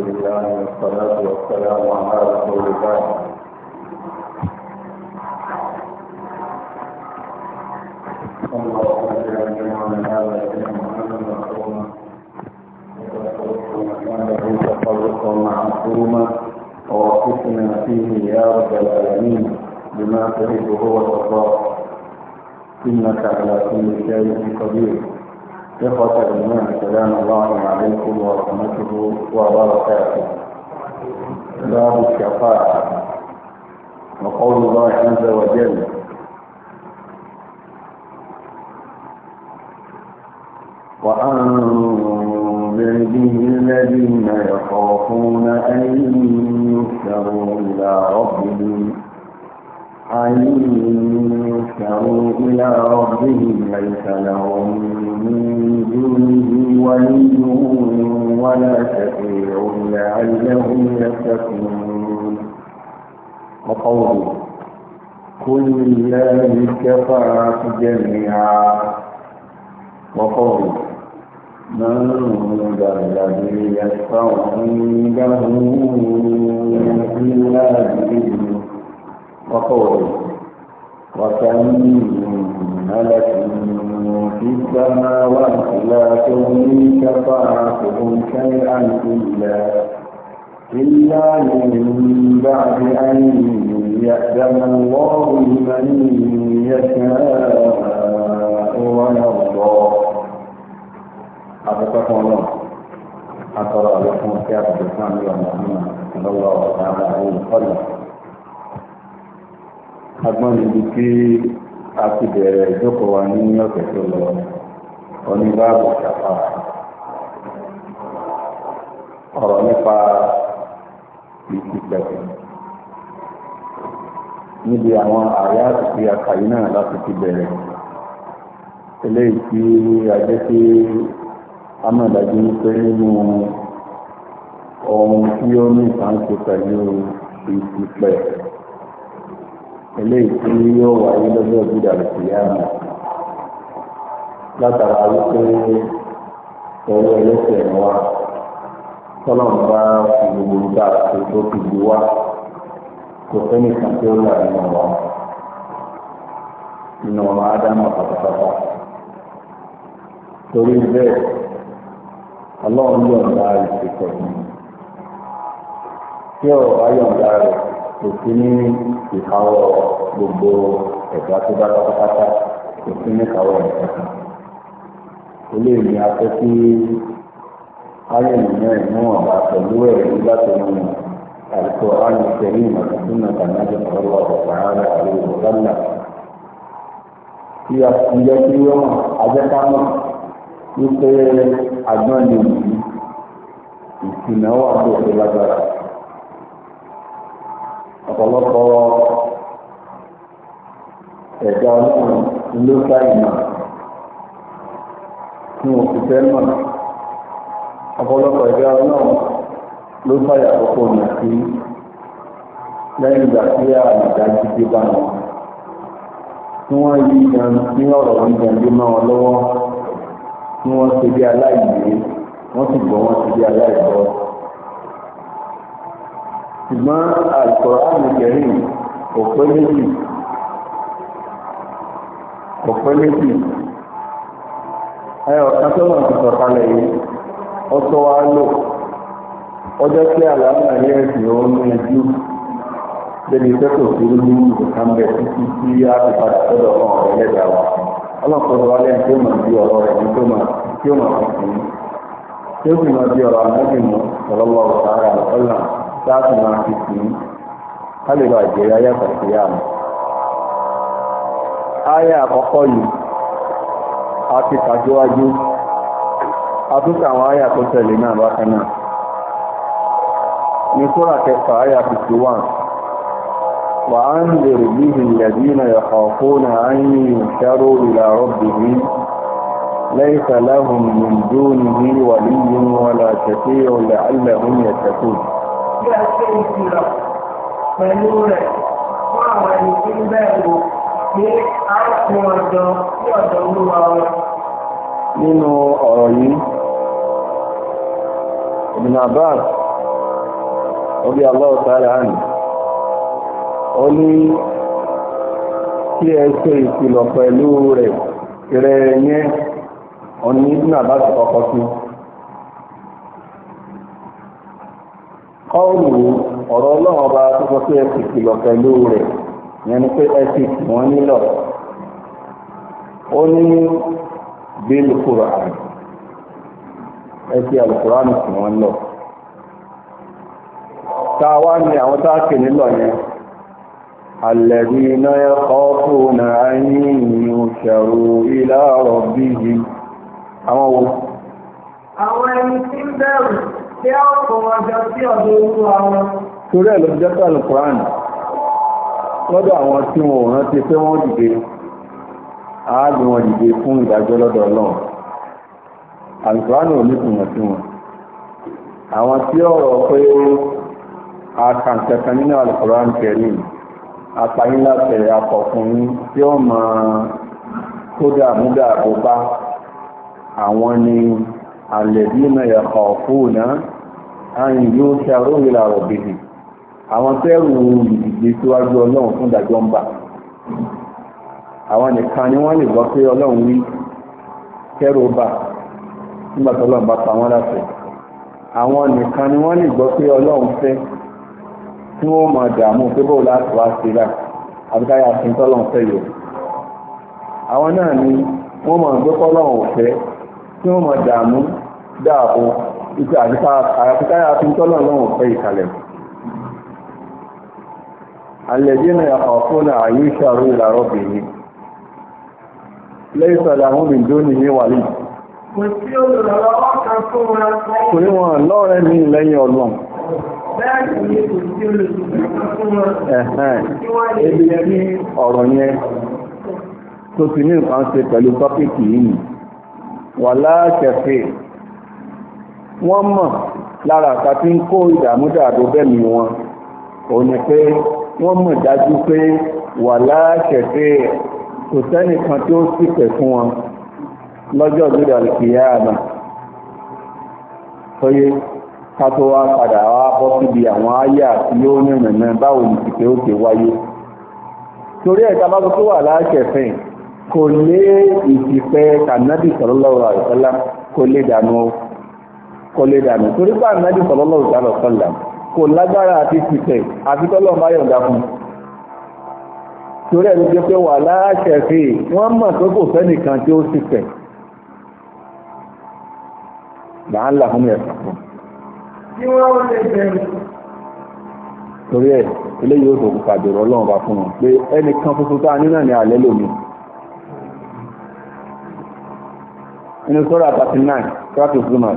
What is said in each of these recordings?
لله والصلاة والسلام على رسول الله اللهم صل على سيدنا محمد المعصومة تفرقا معصوما ووفقنا فيه يا رب العالمين بما تحبه وترضاه إنك على كل شيء قدير إخوة الإيمان سلام الله عليكم ورحمته وبركاته باب الشفاعة وقول الله عز وجل وأنذر به الذين يخافون أن يكثروا إلى ربهم أن ينكروا إلى ربهم ليس لهم من دونه ولي ولا شفيع لعلهم يتقون وقوله قل لله الشفاعة جميعا وقوله من ذا الذي يشفع عنده إلا بإذنه وقوله وكم من ملك في السماوات لا تغني شفاعتهم شيئا إلا إلا من بعد أن يأذن الله لمن يشاء ويرضى أعطاكم الله أقرأ لكم كتاب الإسلام محمد صلى الله عليه وسلم agbọ́n níbi tí a ti bẹ̀rẹ̀ ìjókòó wa ní ọ̀sẹ̀ tó lọ oníbàbò ṣàfà ọ̀rọ̀ nípa ìtìpẹ̀ níbi àwọn àyà àti àkàyí náà láti ti bẹ̀rẹ̀ eléyìí tí a jẹ́ pé a mọ̀ dájú pé nínú ohun tí ó ní ìtàn pẹ̀lú ìtìpẹ̀ eléyìí tí yóò wáyé lọ́jọ́ ìgbìdà lùkìyàmù látara wípé ẹ̀rọ ẹlẹ́sẹ̀ wa tọ́lọ́n bá fi gbogbo nígbà tó tó fi gbé wá kò sẹ́ni kan tí ó là nínú wa nínú ọmọ ádámà pátápátá torí bẹ́ẹ̀ ọlọ́run yọ̀ǹda ìṣèkọ̀ọ́ tí ọ̀rọ̀ bá yọ̀ǹda rẹ̀ kò sí ní ìkáwọ́ gbogbo ẹ̀dá tó bá pátápátá kò sí ní ìkáwọ́ ẹ̀dá kan. eléyìí a fẹ́ kí ayé ènìyàn ìmúwọ̀n bá pẹ̀lú ẹ̀rí láti mú àìsọ àyè kẹrin àti súnà tànàjẹ pẹ̀lú ọ̀pọ̀ ààrẹ àrẹ ìwọ̀lọ́lá. tí a ti jẹ́ kí wọ́n ajẹ́kámọ̀ wípé agbọ́n lè yí ìsìnà wà tó ṣe lágbára ọ̀pọ̀lọpọ̀ ẹ̀dá ọlọ́run ló ká ìmọ̀ tí wọn kò fẹ́ mọ̀ ọ̀pọ̀lọpọ̀ ẹ̀dá ọlọ́run ló fàyà àkókò nà sí lẹ́yìn ìgbà tí àgbà jíjẹ bá wọn tí wọ́n yí gan ní ọ̀rọ̀ yí gan lé mọ́ wọn lọ́wọ́ tí wọ́n ṣe bí aláìyé wọ́n sì gbọ́ wọn ṣe bí aláìgbọ́ ṣùgbọ́n Al-Qur'an Karim ọ̀pẹ́ méjì ọ̀pẹ́ méjì ẹ̀rọ kátọ́nà ti sọ̀kalẹ̀ yìí ọtọ́ wa lò ọjọ́ tí àlàáfà ní ẹ̀sìn òun ní ojú lẹ́ni tẹ́kọ̀ọ́ sí orí ìkọ̀kan bẹ̀ títí tí a ti padà sọ́dọ̀ ọ̀hún ọ̀rẹ́lẹ́gbà wa ọlọ́pọ̀lọpọ̀ wa lẹ́yìn tó mọ̀ bí ọ̀rọ̀ rẹ̀ ní tó mọ̀ tí ó ọ̀rọ̀ sáàtì máa fi sí ká lè bàa jẹ́ ayé àtàkì yá mi. ayé àkọ́kọ́ yìí a ti kàjọ́wájú a tún kà àwọn ayé àtúntẹ̀lé náà bákan náà ní sóra kẹfà ayé àfìsí wà wà á ń lè rí bí ìyàdínà yàkọ̀ọ́kọ́ náà á ń yìn ṣẹ́rọ ìlà rọ́bìnrin ليس لهم من دونه ولي ولا شفيع لعلهم يتقون ìkìlọ̀ pẹ̀lú rẹ̀ fún àwọn ẹni tí ń bẹ̀rù pé a ó fún ọjọ́ sí ọ̀dọ̀ olúwa wọn. nínú ọ̀rọ̀ yìí Ibn Abbas orí Allah ta'ala àná ó ní kí ẹ ṣe pẹ̀lú rẹ̀ rẹ̀ yẹn kọ́ọ̀lù ọ̀rọ̀ ọlọ́run ọba tó sọ pé ẹ̀sìn kìlọ̀ pẹ̀lú rẹ̀ yẹn ni pé ẹ̀sìn wọ́n nílọ̀ ó ní bílù kúrò àrùn ẹ̀sìn àlùkùránì kì wọ́n lọ anyị. wá ní àwọn táàkì nílọ̀ yẹn الذين tí ó kọ ọjọ́ sí ọ̀dọ̀ olúwa wọn. torí ẹ̀ ló ń jẹ́ pẹ̀lú Quran lọ́dọ̀ àwọn tí wọn ò rántí pé wọ́n dìde àádùn wọn dìde fún ìdájọ́ lọ́dọ̀ Ọlọ́run àlùkùránì ò ní kùnà sí wọn àwọn tí ọ̀rọ̀ pé akàǹkẹ̀kan nínú àlùkùránì kẹrin apayínláfẹ̀ akọ̀kùnrin tí ó mọ kódà múdà àbúbá àyìnjú ṣàrò ìlà ọ̀bẹ̀dẹ̀ àwọn tẹ́rù ìdìgbé síwájú ọlọ́run fún ìdájọ́ ń bà àwọn nìkan ni wọ́n lè gbọ́ pé ọlọ́run wí kẹ́rù bà nígbà tó ọlọ́run bá pa wọ́n láṣẹ àwọn nìkan ni wọ́n lè gbọ́ pé ọlọ́run fẹ́ tí wọ́n máa dààmú pé bóò láti wá sí rà àbíkáyà sí tọ́lọ́run fẹ́ yòó àwọn náà ni wọ́n máa gbé kọ́lọ́run ò fẹ́ tí wọ́n máa dààmú dáàbò ìpè àyàfikáyà fi ń tọ́lọ̀ náà pẹ́ ìkàlẹ̀ alẹ́dínà ọ̀fúnà àyíṣàrú ìlàrọ̀ bìíní lẹ́yìn sọ̀dà àwọn ìdóni ní wàlí kò ní wọn lọ́rẹ̀ ní lẹ́yìn ọlọ́run Ebi tí ọ̀rọ̀ yẹn tó ti ní nǹkan ṣe pẹ̀lú tọ́pìkì yìí wà láàkẹ̀fẹ́ wọ́n mọ̀ lára àta tí ń kó ìdàmúdàbò bẹ́mi wọn ò ní pé wọ́n mọ̀ dájú pé wà láṣẹ̀fẹ́ kò sẹ́nìkan tí ó ṣìpẹ̀ fún wọn lọ́jọ́ ìgbéra kìíyà àmà tóyé ká tó wá padà wá bọ́ síbi àwọn áyà tí ó ní ìrìnà báwo ní ìpè ó ti wáyé torí ẹ̀ka bá tó wà láṣẹ̀fẹ́ kò lé ìsìpẹ́ kànábì sallallahu alaihi kò lè dànù o kò lè dànù torí pé ànábì sallallahu alaihi wasallam kò lágbára àti pìpẹ̀ àti tọ́lọ̀ bá yọ̀ǹda fún torí ẹ̀rù jẹ́ pé wà láàṣẹ fi wọ́n mọ̀ tó kò sẹ́nìkan tí ó sì pẹ̀ làálà fún ẹ̀sán fún torí ẹ̀ ilé yóò tó kò inú sọ́rọ̀ 39 practice woman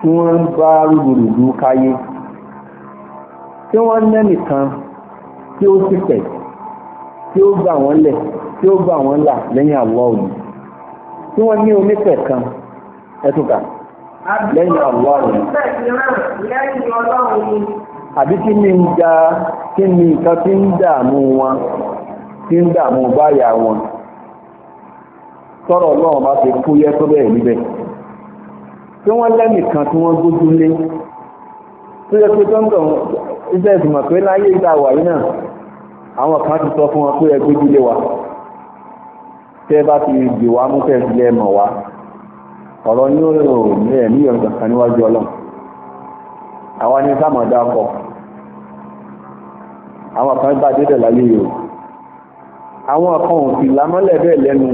tí wọ́n ń bá rúgbòròdú káyé tí wọ́n nẹ́nìkan tí ó ti tẹ̀ tí ó gbà wọ́n lẹ̀ tí ó gbà wọ́n lẹ́yìn àwọ̀ òní tí wọ́n ní onífẹ̀ kan ẹ̀tùkà lẹ́yìn àwọ̀ òní. àbí kí ni ń ja kí ni nǹkan tí ń dààmú wọn tí wọn sọ̀rọ̀ bá ti kú yẹ́ tó bẹ́ẹ̀ tí wọ́n lẹ́nìkan tí wọ́n gbójú lé tó yẹ pé tọ́ńtọ̀ iṣẹ́ ìsìnmọ̀ pé láyé ìta wàyí náà àwọn kan ti sọ fún wọn pé ẹ gbójú lé wa tẹ́ bá ti dì wá mú tẹ́ sílẹ̀ mọ̀ wá ọ̀rọ̀ ní òòrò ní ẹ̀mí ọ̀gbọ̀n kan níwájú ọlọ́run àwa ni sámọ̀dá kọ̀ àwọn kan bá dédé láyé yòó àwọn kan ò sì lámọ́lẹ̀ bẹ́ẹ̀ lẹ́nu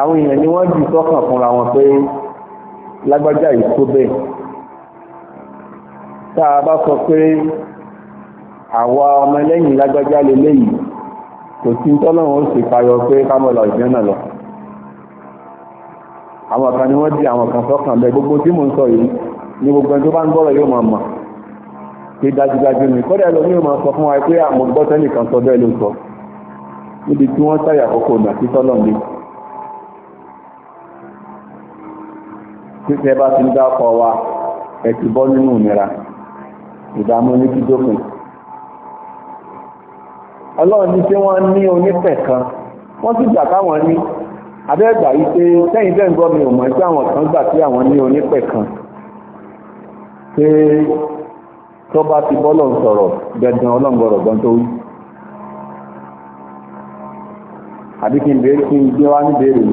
àwọn èèyàn ni wọ́n jù sọ́kàn fúnra wọn pé lágbájá yìí tó bẹ́ẹ̀ tá a bá sọ pé àwa ọmọ lẹ́yìn lágbájá leléyìí kò sí tọ́lọ́run ó sì payọ pé kámọ́lá ìjọ́nà lọ àwọn kan ni wọ́n di àwọn kan sọ́kàn bẹ́ẹ̀ gbogbo tí mò ń sọ yìí ni gbogbo ẹni tó bá ń gbọ́rọ̀ yóò máa mọ̀ pé dájúdájú ni kọ́dà ẹlòmíì yóò máa sọ fún wa pé àmọ́ gbọ́tẹ́nì kan sọ bẹ́ẹ̀ ló sọ níbi tí wọ́n sáyà àkókò nà sí tọ́lọ́run títẹ bá ti ń dákọ wa ẹ ti bọ́ nínú ìnira ìdààmú ní kíjókùn ọlọ́run ní tí wọ́n ní onífẹ̀ kan wọ́n sì gbà káwọn ní abẹ́gbà yìí pé sẹ́yìn bẹ́ẹ̀ ń gbọ́ mi ò mọ̀ sí àwọn kan gbà tí àwọn ní onífẹ̀ kan pé tó bá ti bọ́ lọ́n sọ̀rọ̀ dandan ọlọ́ngbọ̀rọ̀ gan tó wí àbí kí n bèèrè kí n gbé wá ní bèèrè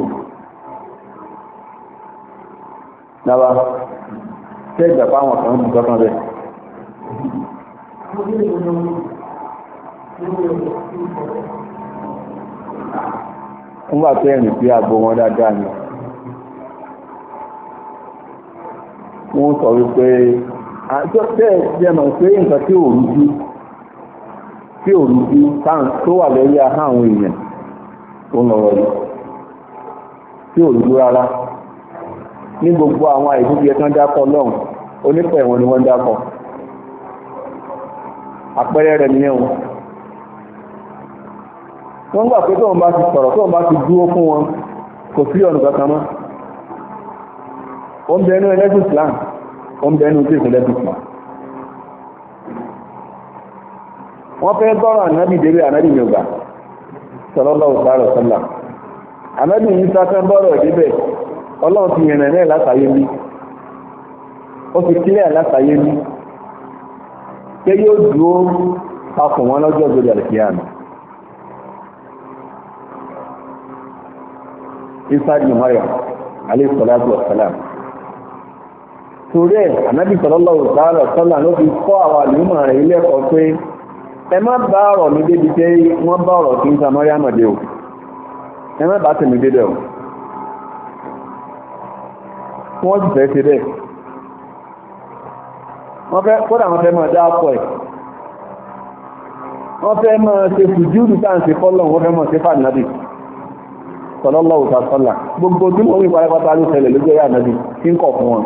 dábàá tẹ́ ìgbà àwọn kan wọ́n bá tẹ́ ẹ̀rìn wọn dáadáa ni wọ́n sọ wípé àjọ tẹ́ pé nǹkan tí ò rújú tí ò rújú tó wà àwọn ní gbogbo àwọn àìsíkí ẹ̀kan dákọ̀ lọ́hùn onípẹ̀ wọn ni wọ́n dákọ̀ àpẹẹrẹ rẹ̀ ní ẹ̀wọ̀n wọ́n gbà pé tóun bá ti sọ̀rọ̀ tóun bá ti fún wọn kò sí ọ̀nà kankan mọ́ ń bẹ inú ẹlẹ́sìn Islam ó ń bẹ inú tí Islam wọ́n fẹ́ ọlọ́run ti yẹ̀nà náà látàyé mi ó ti kílẹ̀ látàyé mi pé yóò dúró papọ̀ wọn lọ́jọ́ gbogbo àlùkìyàmù ìsáàdì mọ́rẹ̀ alayhi salatu wassalam torí ẹ̀ ànábì sallallahu ta'ala sallam ló fi kọ́ àwọn àlùmọ̀ rẹ̀ ilé ẹ̀kọ́ pé ẹ má bá ọ̀rọ̀ mi débi pé wọ́n bá ọ̀rọ̀ tí ń sa mọ́rẹ́ àmọ̀dé o ẹ má bá tèmi dédé o tí wọ́n sì fẹ́ ṣe bẹ́ẹ̀ wọ́n fẹ́ kódà wọ́n fẹ́ máa dá pọ̀ ẹ̀ wọ́n fẹ́ máa ṣe sùjúdù tá à ń ṣe fọ́lọ̀ wọ́n fẹ́ máa ṣe fà nábì sọlọ́lọ́ òta sọ́là gbogbo tí wọ́n wí pátápátá ló ṣẹlẹ̀ lójú ẹ̀yà nábì tí ń kọ̀ fún wọn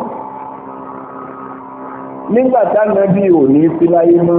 nígbà tá nábì ò ní sí láyé mọ́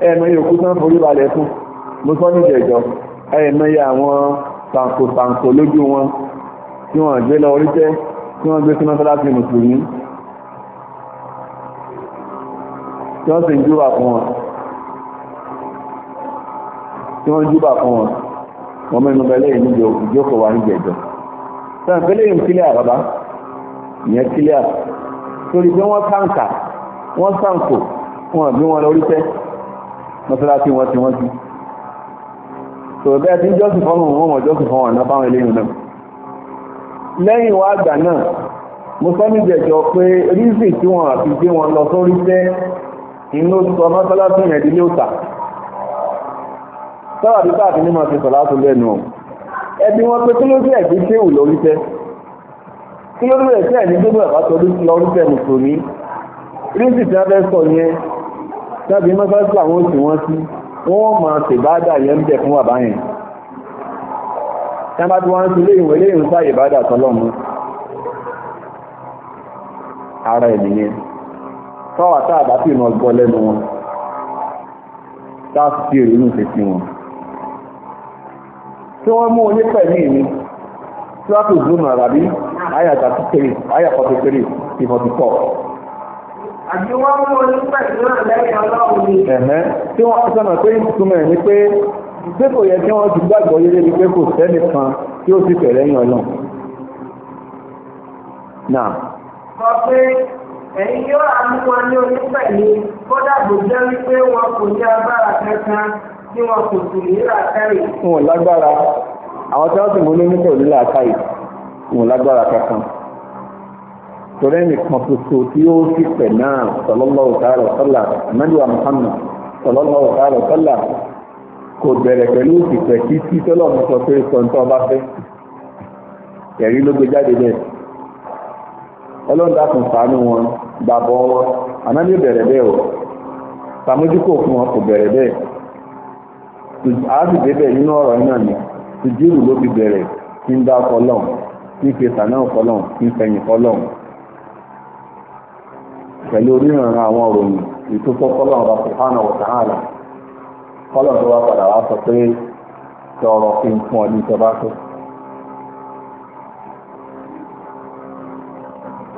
ẹ̀mọ̀ yóò kú tán forí balẹ̀ fún mo sọ níjẹ̀ ìjọ ẹ̀mọ̀ yẹ àwọn tàǹkòtàǹkò lójú wọn tí wọ́n gbé lọ orí tẹ́ tí wọ́n gbé sí mọ́sálásí mùsùlùmí tí wọ́n sì ń júbà fún wọn tí wọ́n ń júbà fún wọn wọ́n mẹ́nu bẹ̀lẹ́ ìníjọ ìjókòó wa níjẹ̀ ìjọ sàǹpẹ́lẹ́ yìí kílẹ̀ àbábá ìyẹn kílẹ̀ torí pé wọ́n kàǹkà wọ́n sàǹkò wọn bí wọn lọ orí tẹ́ mọ́sálásí wọn ti wọ́n ti so bẹ́ẹ̀ tí jọ́sì fọ́nà wọn mọ̀ jọ́sì fọ́nà náà fáwọn eléyìn náà lẹ́yìn wá àgbà náà mo sọ ní ìjẹ̀jọ́ pé rízì tí wọ́n àti gbé wọn lọ sórí tẹ́ inú sọ mọ́sálásí yẹn di lóòtà sọ́rọ̀ àti sáà fi ní máa ti sọ̀rọ̀ látò lẹ́nu ọ̀ ẹbí wọn pé kí ló dé ẹ̀bí kéwù lórí tẹ́ kí ló dé ẹ̀sẹ̀ ní gbogbo ẹ̀bá sọ lórí tẹ́ mùsùlùmí rízì tí wọ́n fẹ́ sọ yẹn tàbí mọ́sálásí àwọn òsì wọ́n sí wọ́n máa ṣèbádà yẹn bẹ̀ fún bàbá yẹn tàbí tí wọ́n ti lé ìwé lé ìrúsá ìbádà tọ́lọ́mù ara ènìyàn tọ́wà táà bá fi ìmọ̀ gbọ́ lẹ́nu wọn táà sí èrè inú ṣe sí wọn tí wọ́n mú oní pẹ̀lú ìní tí wọ́n tó zoom àràbí ayàtà 43 ayàtà 43 44 Àbí wọ́n mú onígbà ìgbọ́nà lẹ́yìn ọlọ́run ni. Ẹ̀hẹ́ tí wọ́n sọ̀nà pé ìtumọ̀ ẹ̀ ni pé pé kò yẹ kí wọ́n ti gbàgbọ́ yé lébi pé kò sẹ́nì kan tí ó sì tẹ̀lé yàn náà. Nà. Sọ pé ẹ̀yin yóò àmú wọn ní onípẹ̀lú kódà kò jẹ́ wípé wọn kò ní agbára kankan tí wọn kò sì ní làákàyè. Wọn lágbára àwọn tí wọ́n sì mú lónípẹ̀lú làákàyè wọn lágbára kankan. torí ẹnìkan ṣoṣo tí ó sì pẹ̀ náà sallallahu ta'ala wa sallam mẹ́lúwa Muhammad sallallahu ta'ala kò bẹ̀rẹ̀ pẹ̀lú òṣìṣẹ́ kí tí tọ́lọ́mù sọ pé sọ̀ǹtọ́ bá fẹ́ ẹ̀rí ló gbé jáde bẹ́ẹ̀ ọlọ́run dákun ṣàánú wọn gbàbọ̀ wọn bẹ̀rẹ̀ bẹ́ẹ̀ o sàmójúkò fún wọn kò bẹ̀rẹ̀ bẹ́ẹ̀ bẹ́ẹ̀ nínú ọ̀rọ̀ ni bere pẹ̀lú oríran àwọn òròyìn ìtúfọ́ kọ́lọ̀ ọba sùhánà wọ̀tàhánà kọ́lọ̀ tó wá padà wá sọ pé tọrọ kí n fún ọ ní ìjọba tó.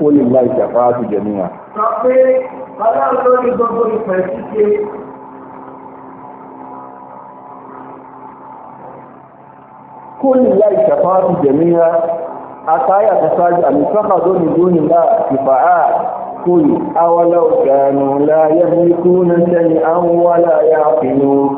ó lè la ìjàpá àti jẹ̀míyà. sọ pé bàbá olórí gbogbo ìpẹ́ ṣíṣe kó lè la ìjàpá àti jẹ̀míyà àtàyà tó ṣáájú àmì sọ́kà tó ní dúnìlá ìfàá قل أولو كانوا لا يملكون شيئا ولا يعقلون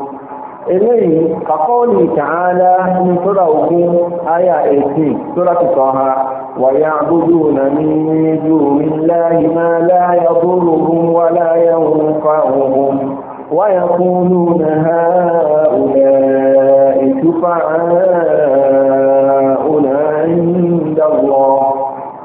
إليه كقوله تعالى من سورة أوكين آية 18 سورة طه ويعبدون من دون الله ما لا يضرهم ولا ينفعهم ويقولون هؤلاء شفعاء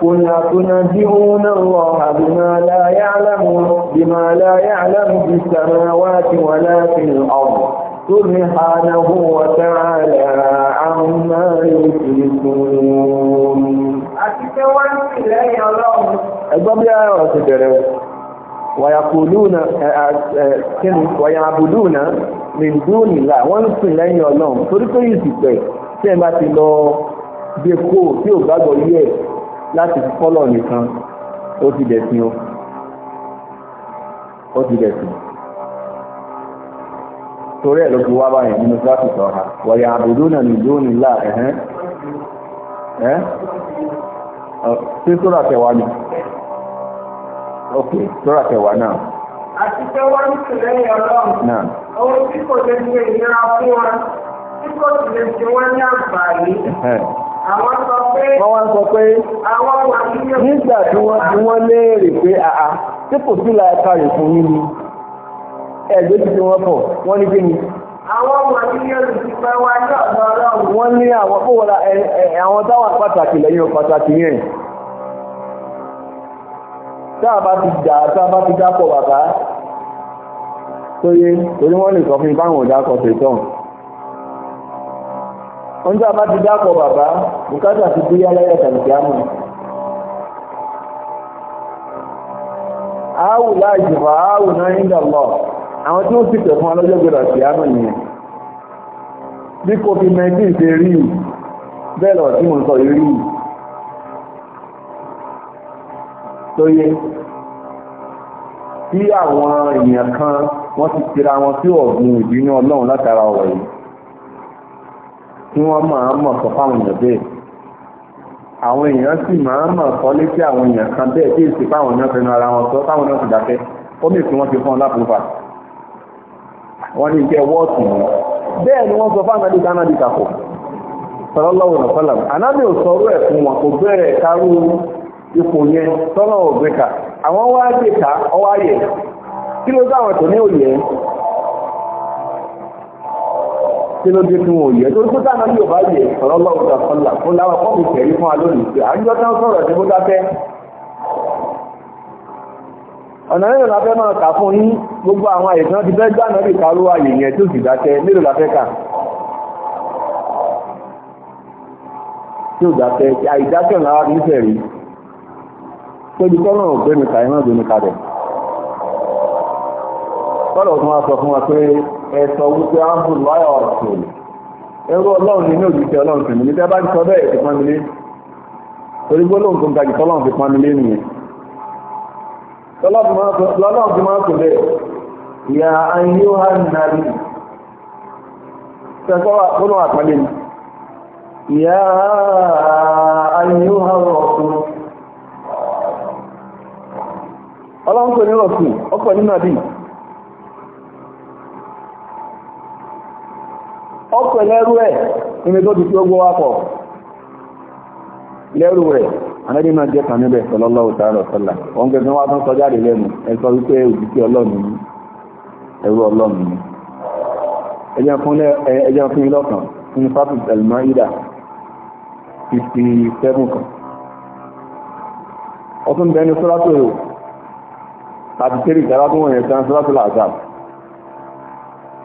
قل أتنبئون الله بما لا يعلم بما لا يعلم في السماوات ولا في الأرض سبحانه وتعالى عما يشركون. ويقولون ويعبدون من دون الله wọ́n ń sìn lẹ́yìn ọlọ́run torí pé yìí sì pẹ̀ tí ẹ láti kọ́lọ̀ nìkan ó ti dẹ̀sìn o ó ti dẹ̀sìn torí ẹ̀ ló fi wá báyìí nínú kíláàsì sọ̀ha wọ̀yà àbùdó náà nìjó nílà ẹ̀hẹ́n ẹ́ sí sóra tẹ̀wá ni ok sóra tẹ̀wá náà. àti pé wọ́n ń tẹ̀lé ọlọ́run ohun tí kò lè ṣe ìnira fún wọn tí kò sì lè ṣe wọ́n ní àǹfààní. Wọ́n wá sọ pé nígbà tí wọ́n ti wọ́n léèrè pé àá tí kò sí la ẹ̀ka rẹ̀ fún yín ni ẹ̀gbẹ́ ti fi wọ́n pọ̀ wọ́n ní kíni. Àwọn ọmọ àníyàn ti pẹ́ wá ní ọ̀dọ́ ọlọ́run. Wọ́n ní àwọn kó wọra àwọn táwọn pàtàkì lẹ́yìn pàtàkì yẹn. Tá a bá ti jà tá a bá ti dápọ̀ bàbá tó yé torí wọ́n lè sọ fún mi báwọn ò dákọ̀ tó ìtọ́hùn wọ́n tí a bá ti dákọ̀ bàbá bùkátà ti bí yálẹ́yà tàbíjámù áwù láàjùfà áwù náà nígbà lọ àwọn tí ó sì pẹ̀ fún alọ́jọ́ gbọ́dọ̀ sí àmì nìyẹn bí covid-19 ṣe rí bẹ́ẹ̀ lọ tí mo sọ rí tó yẹ tí àwọn èèyàn kan wọ́n ti tira wọn sí ọ̀gbìn ìbínú ọlọ́run látara ọ̀rọ̀ yìí tí wọ́n máa mọ̀ sọ fáwọn èèyàn bẹ́ẹ̀ àwọn èèyàn sì máa mọ̀ sọ létí àwọn èèyàn kan bẹ́ẹ̀ tí èsì fáwọn èèyàn fẹnu ara wọn sọ fáwọn èèyàn sì dákẹ́ ó mì tí wọ́n ti fún ọ lápòfà wọ́n ní iṣẹ́ wọ́ọ̀tì yìí bẹ́ẹ̀ ni wọ́n sọ fáwọn àdìsá náà di kàkọ́ sọlọ́lọ́wọ́ nà sọ́làm anábì ò sọrú ẹ̀ fún wọn kò bẹ̀rẹ̀ kárú ipò yẹn sọ́lọ́ ògbéka àwọn wá gbèka ọwá yẹ kí ló dáwọn tò ní òye kí ló dé tí wọn ò yẹ torí pé táwọn yóò bá yẹ ọ̀rọ̀ lọ́wọ́ ta sọ́là fún láwọn kọ́ mi tẹ̀rí fún wa a pé àjọ tán sọ̀rọ̀ tí mo dákẹ́. ọ̀nà mélòó la fẹ́ máa kà fún yín gbogbo àwọn àyè tí wọ́n ti fẹ́ gbà náà lè káró àyè yẹn tó sì dákẹ́ mélòó la fẹ́ kà. tí ò dákẹ́ àìdákẹ́ ọ̀nà wa kì í fẹ̀ rí. pé ibi tọ́lọ́ kọ́lọ̀ tó máa sọ fún wa pé ẹ̀sọ̀ wípé áńbùn láyọ̀ ọ̀sùn ẹrú ọlọ́run nínú òjúṣe ọlọ́run tèmi níta bá ń sọ bẹ́ẹ̀ ti pọ́n mi lé torí gbólóhùn tó ń gbàgbé tọ́lọ́run fi pọ́n mi lé nìyẹn lọ́lọ́run fi máa ń sùn bẹ́ẹ̀ ìyá ayé wa nàbí sẹ́kọ́ gbólóhùn àpọ́nlé ni ìyá ayé wa rọ̀kùn ọlọ́run tó ní rọ̀kùn ọ̀pọ̀ nínú àbí ọkọ̀ lẹ́rú ẹ̀ nínú tó ti fi ogbó wá pọ̀ lẹ́rú rẹ̀ anábì máa jẹ́ kan níbẹ̀ sallallahu ta'ala sọ́lá wọ́n gẹ́gẹ́ wá tán sọjáde lẹ́nu ẹ sọ wípé òjìṣẹ́ ọlọ́run ni ẹrú ọlọ́run ni ẹjẹ́ fún ilọ́kan nínú fásit al-Maida 57 kan ọtún bẹni sọ́látò 33 ìjàrá tó wọ̀nyẹ̀ sọ́látò làzáàbù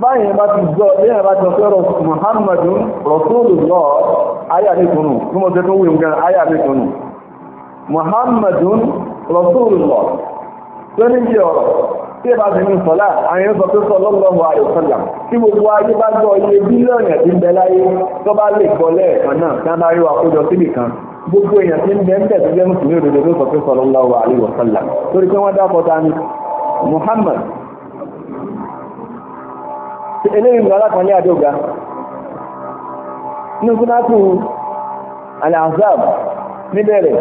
báyìí bá ti gbọ́ lẹ́yìn bá jọ fẹ́rọ muhammadu rasulullah ayàmìkùnù tí mo tẹ́kún wí nǹkan ayàmìkùnù muhammadu rasulullah tó ní jẹ́ ọ̀rọ̀ tí bá ti ní sọ́lá àyẹ́ sọ pé sallallahu alaihi wasallam tí gbogbo ayé bá gbọ́ iye bílíọ̀nù tí ń bẹ láyé tó bá lè gbọ́ lẹ́ẹ̀kan náà tí wọ́n bá rí wa kójọ síbì kan gbogbo èèyàn tí ń bẹ ń bẹ̀ tó jẹ́ mùsùlùmí òdodo ló sọ pé sallallahu alaihi wasallam torí pé wọ́n dákọ̀ta ni muhammad eléyìí mú alákan ní àdóga ní súnátù al-Ahzab níbẹ̀rẹ̀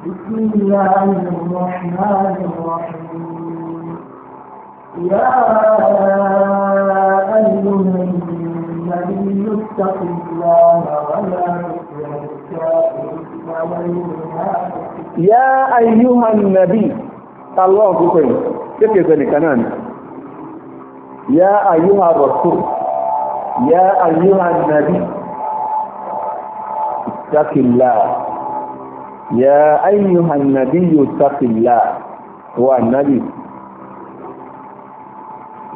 بسم الله الرحمن الرحيم يا أيها النبي اتق الله ولا تطع الكافرين yá ayyúhan nàbí tàlọ́ ọ̀kúkọ̀ yìí kéèkéè sọ nìkan náà ni yá ayyúhan rọ̀tún yá ayyúhan nàbí ìtàkìlá yá ayyúhan nàbí yóò tàkìlá wà nàbí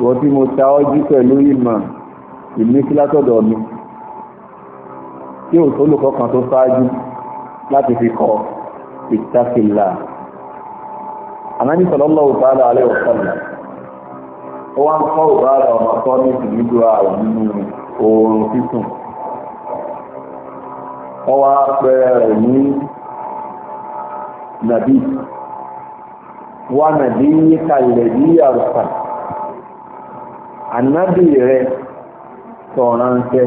wọ́n tí mo ta ọ́ jí pẹ̀lú ìmọ̀ ìmísí látọ̀dọ̀ mi tí ò tó lò kọ́kàn tó ṣáájú láti fi kọ ìtàfilà anábì sallallahu ta'ala alaihi wa sallam ó wá ń kọ́ ìbára ọmọ tọ́ ní ìdúró ààrùn nínú oorun sísùn wọ́n wá pẹ̀rẹ̀ rẹ̀ ní nàbí wà nàbí kalẹ̀ bí àrùsà anábì rẹ̀ sọ̀ránṣẹ́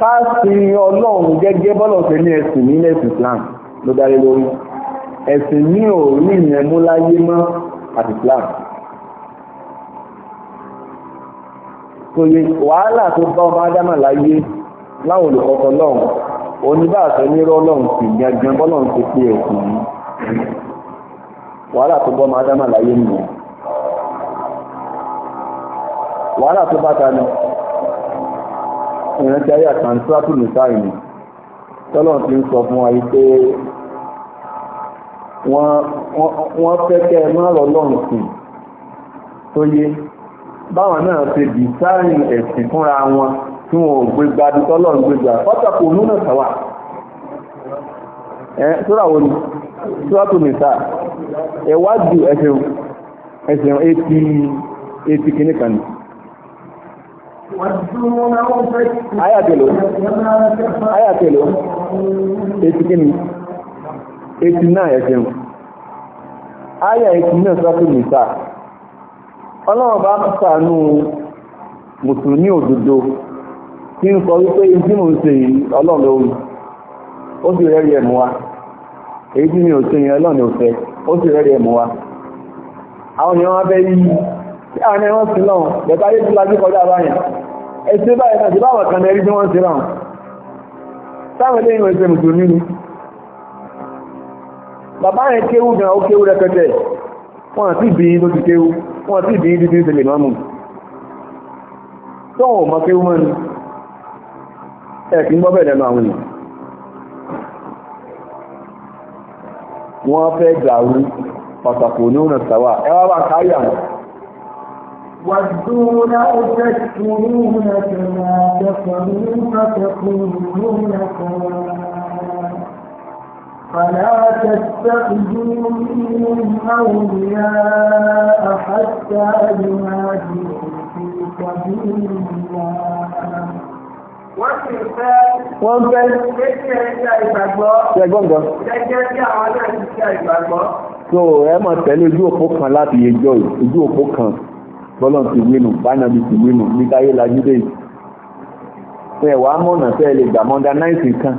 ká sí ọlọ́run gẹ́gẹ́ bọ́lọ̀ pé ní ẹ̀sìn ní ẹ̀sìn Islam ló darí lórí ẹ̀sìn ní òórí yẹn mú láyé mọ́ àti Islam kò yẹ wàhálà tó bá ọmọ ádámà láyé láwọn olùkọ́kọ́ lọ́hùn oníbàṣẹ nírọ́ lọ́hùn sí gangan bọ́lọ̀ ń ti pé ẹ̀sìn yìí wàhálà tó bọ́ ọmọ ádámà láyé nìyẹn wàhálà tó bá ta ìrántí ayé àkàntúrátù nìta ìní tọ́lọ̀ ti ń sọ fún wa yìí pé wọ́n fẹ́ kẹ́ lọ́rùn sùn tó yé báwọn náà ṣe bì sáàrin ẹ̀sìn fúnra wọn tí wọn ò gbé gbadú tọ́lọ̀ ń gbé sáwà ẹ̀ sọ́ra Aya tèlò. Aya tèlò. Eti kí ni? Eti náà ẹ̀ṣẹ̀m. Aya eti náà sọ́tò nìta. Ọlọ́run bá sàánú Mùsùlùmí òdodo tí ń sọ wípé ibi mò ń ṣe yìí Ọlọ́run ló rí. Ó sì rẹ́rì ẹ̀mú wa. Èyí tí mi ò ṣe yẹn Ọlọ́run ò fẹ́. Ó sì rẹ́rì ẹ̀mú wa. Àwọn èèyàn wá fẹ́ yí. Àwọn èèyàn wọ́n sí lọ́wọ́. Bẹ̀ta ayé ti lajú kọjá báyìí ẹ̀sẹ̀ báyìí náà ti báwọn kan ẹrí bí wọ́n ti ráhùn táwọn ilé ìwọ̀n ẹ̀sẹ̀ mùsùlùmí ni bàbá yẹn kéwú gan ó kéwú rẹpẹtẹ wọn àti ìbìyìn tó ti kéwú wọn àti ìbìyìn títí ń tẹlẹ mọ́mù tóhùn mọ́ kéwú mọ́ ni ẹ̀kí ń gbọ́ bẹ̀rẹ̀ lẹ́nu àwọn èèyàn wọ́n fẹ́ dàrú pàtàkì òní ònà sàwà ẹwà bá kárí àwọn ودون أتكفرون كما كفروا فتكونون فلا تتخذوا منهم أولياء حتى يهاجروا فِي سبيل الله Wọ́n fẹ́ ṣẹ́gbọ́n gan. Gẹ́gẹ́ bí àwọn náà ti ṣe ìgbàgbọ́. So ẹ máa tẹ̀lé ojú òpó kan láti yejọ́ ojú òpó kan bọ́lọ̀ ti mínú bánàbí ti mínú ní káyé lajúdé yìí fẹ́ wàá mọ̀nà fẹ́ lè gbà mọ́dá náìsì kan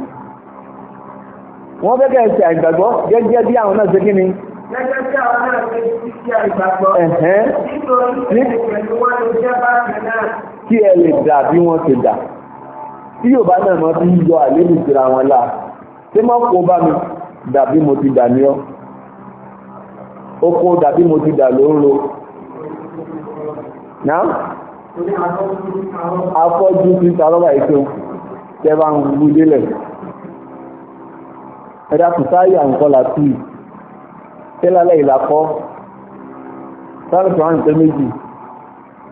wọ́n fẹ́ kẹ́ ṣe àìgbàgbọ́ gẹ́gẹ́ bí àwọn náà ṣe kí ni. gẹ́gẹ́ bí àwọn náà ṣe ti àìgbàgbọ́ nítorí pẹ̀lú wọn ló jẹ́ bákan náà. kí ẹ lè dà bí wọ́n ṣe dà tí yóò bá náà máa fi yọ àlébù síra wọn láà ṣé má kó bá mi dàbí ti dà náà afọ́jú ti sàrọ́bà ètò tẹ́bà ń gbú délẹ̀ ẹ̀dá kù sáyà ń kọlà tí tẹ́lálẹ̀ ìlàkọ́ sáàrùsùn tẹ́ méjì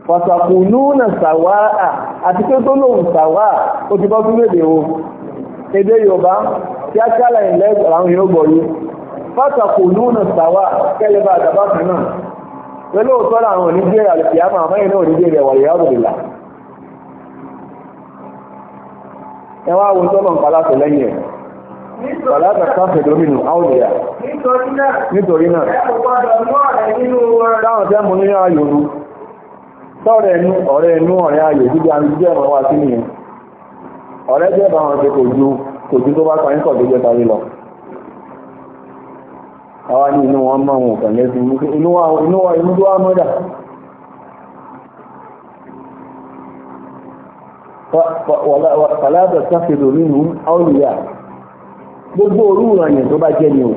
pàtàkù lúnà sàwáà àti pé tó lóhùn sàwáà ó ti bọ́ fún èdè o èdè Yorùbá tí a kálà ìlẹ́gbẹ̀rẹ̀ àwọn yóò gbọ́ yìí pàtàkù lúnà sàwáà kẹ́lẹ́bà àdàbà kan náà pẹ̀lú òótọ́ làwọn oníjẹ́rẹ̀ àlùfíà máa mẹ́rin náà oníjẹ́rẹ̀ wà ìyá òdòdó ẹ wá wo tọ́lọ̀ ń paláṣẹ lẹ́yìn ẹ̀ Bàláta káfẹ̀ lómìnà áwòlìyà. Nítorí náà, dáhùn tẹ́ mú ní ayòrú, tọ́rẹ ẹnu ọ̀rẹ́ ẹnu ọ̀rẹ́ ayò jíjá ń jẹ́ ọ̀rọ̀ wá sí nìyẹn. Ọ̀rẹ́ jẹ́ bá wọn ṣe kò ju tó bá kọ́ àwa ní inú wọn mọ̀ wọn kàn lẹ́sìn inú wa inú sáfèdò nínú gbogbo orú ìrànyàn tó bá jẹ́ ni o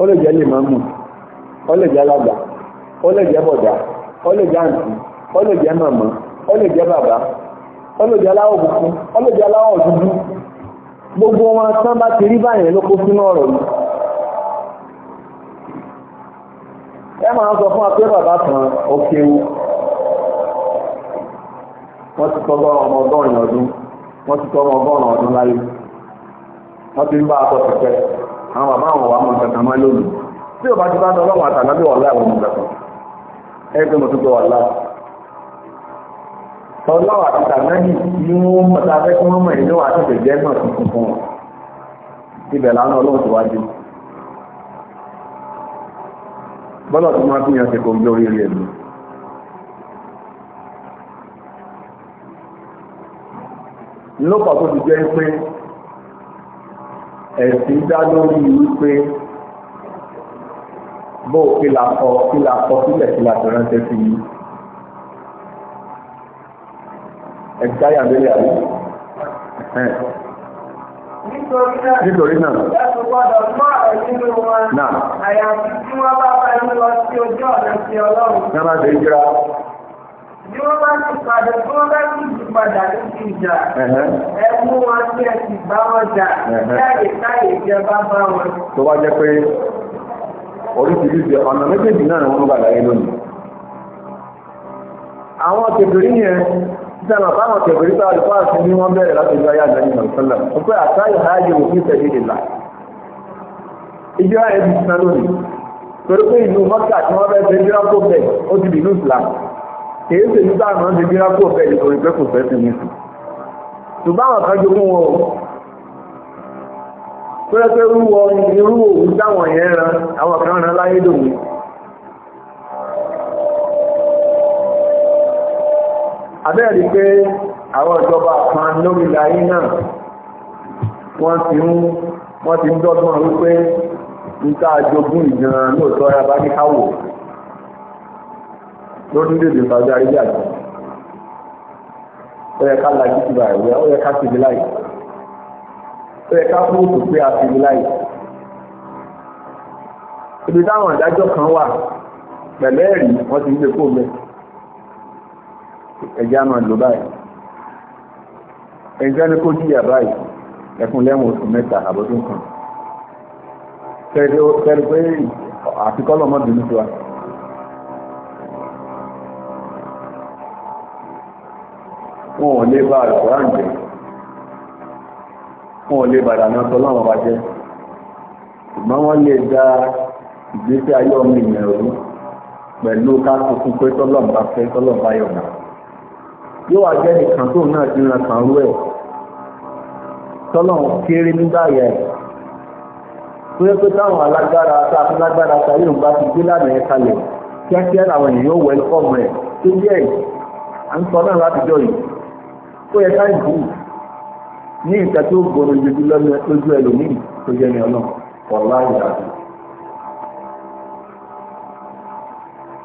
ó lè jẹ́ lè máa mú ó lè jẹ́ alága ó lè jẹ́ bọ̀dá ó lè jẹ́ àǹtí gbogbo wọn tán bá ti rí báyìí ló kó sínú ọ̀rọ̀ yìí ẹ máa sọ fún wa bàbá kan ó wọ́n ti tọ́gbọ́ ọmọ ọgọ́rin ọdún wọ́n ti tọ́gbọ́ ọgọ́rin ọdún láyé wọ́n ti ń bá aṣọ àwọn bàbá àwọn máa lónìí tí ò bá ti bá àtàlábí wà láàrin ọmọ ọlọ́wà àti tàbí ní wọ́n mọ̀ta fẹ́ kí wọ́n mọ̀ ìlú àti ìgbẹ́ náà tuntun fún wọn ibẹ̀ lánàá ọlọ́run tó wájú bọ́lọ̀ tó máa fihàn ṣe kò ń gbé orí rẹ̀ lù lọ́pọ̀ tó ti jẹ́ pé ẹ̀sìn dá lórí wípé bó kí la kọ kí la kọ sílẹ̀ kí la tẹ̀rántẹ́ sí yìí ẹ̀káyà lórí àrí nítorí náà náà àyàfi tí wọ́n bá bá ń lọ sí ojú ọ̀nà sí ọlọ́run náà máa dé jíra bí wọ́n bá ti padà bí wọ́n bá ti jù padà ní ti ìjà ẹ mú wọn sí ẹ sì bá wọn jà láyè káyè jẹ bá bá wọn. tó bá jẹ́ pé oríṣiríṣi ọ̀nà méjèèjì náà wọ́n gbà láyé lónìí àwọn kèbèrè sẹ́nà táwọn kẹfìrí tá àlùfà sí ní wọ́n bẹ̀rẹ̀ láti ìjọ ayé àdáni mọ̀lẹ́sọ́lá ó pé àtàyè háàjì wò fún tẹ̀lé ìlà ìjọ ayé ti sinà lónìí torí pé ìlú mọ́kà tí wọ́n bẹ́ẹ̀ ṣe bíra kó bẹ̀ ó ti dìlú ìlà kìí ṣe nígbà náà ṣe bíra kó bẹ̀ nítorí pé kò fẹ́ sí ní ṣùgbọ́n àwọn kan jogún wọn o abẹ́ẹ̀rí pé àwọn ìjọba kan lórí láyé náà wọ́n ti ń wọ́n ti ń dọ́gbọ́n wípé ń tá jogún ìjìnrán lóòtọ́ ẹ̀bá ní káwò lórílẹ̀-èdè Saudi Arabia jù ó yẹ ká lajú ti bàrẹ̀ wẹ́ ó yẹ ká ti láì ó yẹ ká fún òtún pé a ti láì ibi táwọn ìdájọ́ kan wà pẹ̀lẹ́ẹ̀rí wọ́n ti ń gbé kó mẹ́rin ẹjá máa lò báyìí ẹjá ní kó jíyà báyìí ẹkùn lẹ́wọ̀n oṣù mẹ́ta àbọ̀dún kan fẹ́rẹ́ pé àfikọ́lọ̀ mọ́ bínú tiwa bá bàdà náà tọ́lọ́ wọ́n lè dá yóò wá jẹ́ nìkan tóun náà ti ran kan rú ẹ̀ tọ́lọ̀ kéré nígbà yẹn tó yẹ pé táwọn alágbára tá a fi lágbára ta yóò bá ti gbé lánàá kalẹ̀ kíákíá làwọn èèyàn yóò ẹ̀ tó jẹ́ à ń sọ náà látijọ́ yìí ó yẹ káyì bù ní ìta tó gbòòrò ìdíjú lọ́nà ẹ ẹlòmíì tó jẹ́ ní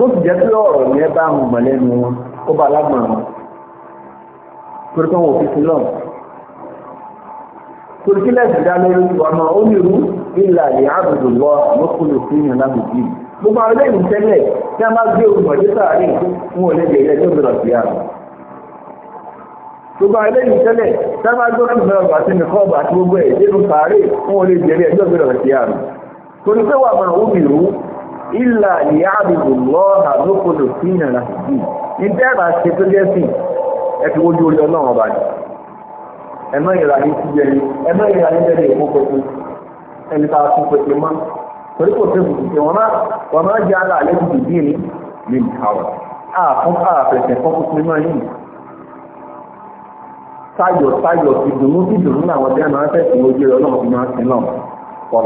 tó sì jẹ́ pé ọ̀rọ̀ yẹn bá àwọn mọ̀lẹ́nu wọn ó bá alágbọ̀n wọn torí pé wọn ò fi sí lọ́n torí kí lẹ́sìn dá lórí ọmọ onírú ìlà ní àbùdù lọ lọ́kùnrin sí ìyàn láti bí gbogbo àwọn ẹlẹ́yìn tẹ́lẹ̀ tí a máa gbé ogun ọ̀dẹ́ sáàárín fún òun lẹ́gbẹ̀ẹ́ ilẹ̀ bẹ̀rẹ̀ sí àrùn gbogbo àwọn ẹlẹ́yìn tẹ́lẹ̀ tí a máa gbé ogun ọ̀dẹ́ àti nìkọ́ọ̀bù àti gbogbo ẹ̀ dénú sàárè fún òun lẹ́gbẹ̀ẹ́ ilẹ̀ bẹ̀rẹ̀ sí àrùn torí wà máa wù mí rú ìlà ìyáàbìbò lọ́ọ̀hà lókòdò sí ìrìnà yìí ní bẹ́ẹ̀bà ṣe tó jẹ́ sí ẹ fi wójú ọlọ́run ọba ni ẹ̀mọ́ ìrà ní ti jẹ́ ẹ̀mọ́ ìrà ní bẹ́ẹ̀ lè kó pẹ̀lú ẹni tá a tún pẹ̀lú mọ́ torí kò tẹ́ bùkún wọn máa máa jẹ́ ara àlẹ́ ní àfún fún kúkú yìí ìdùnnú ìdùnnú làwọn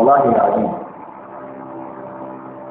máa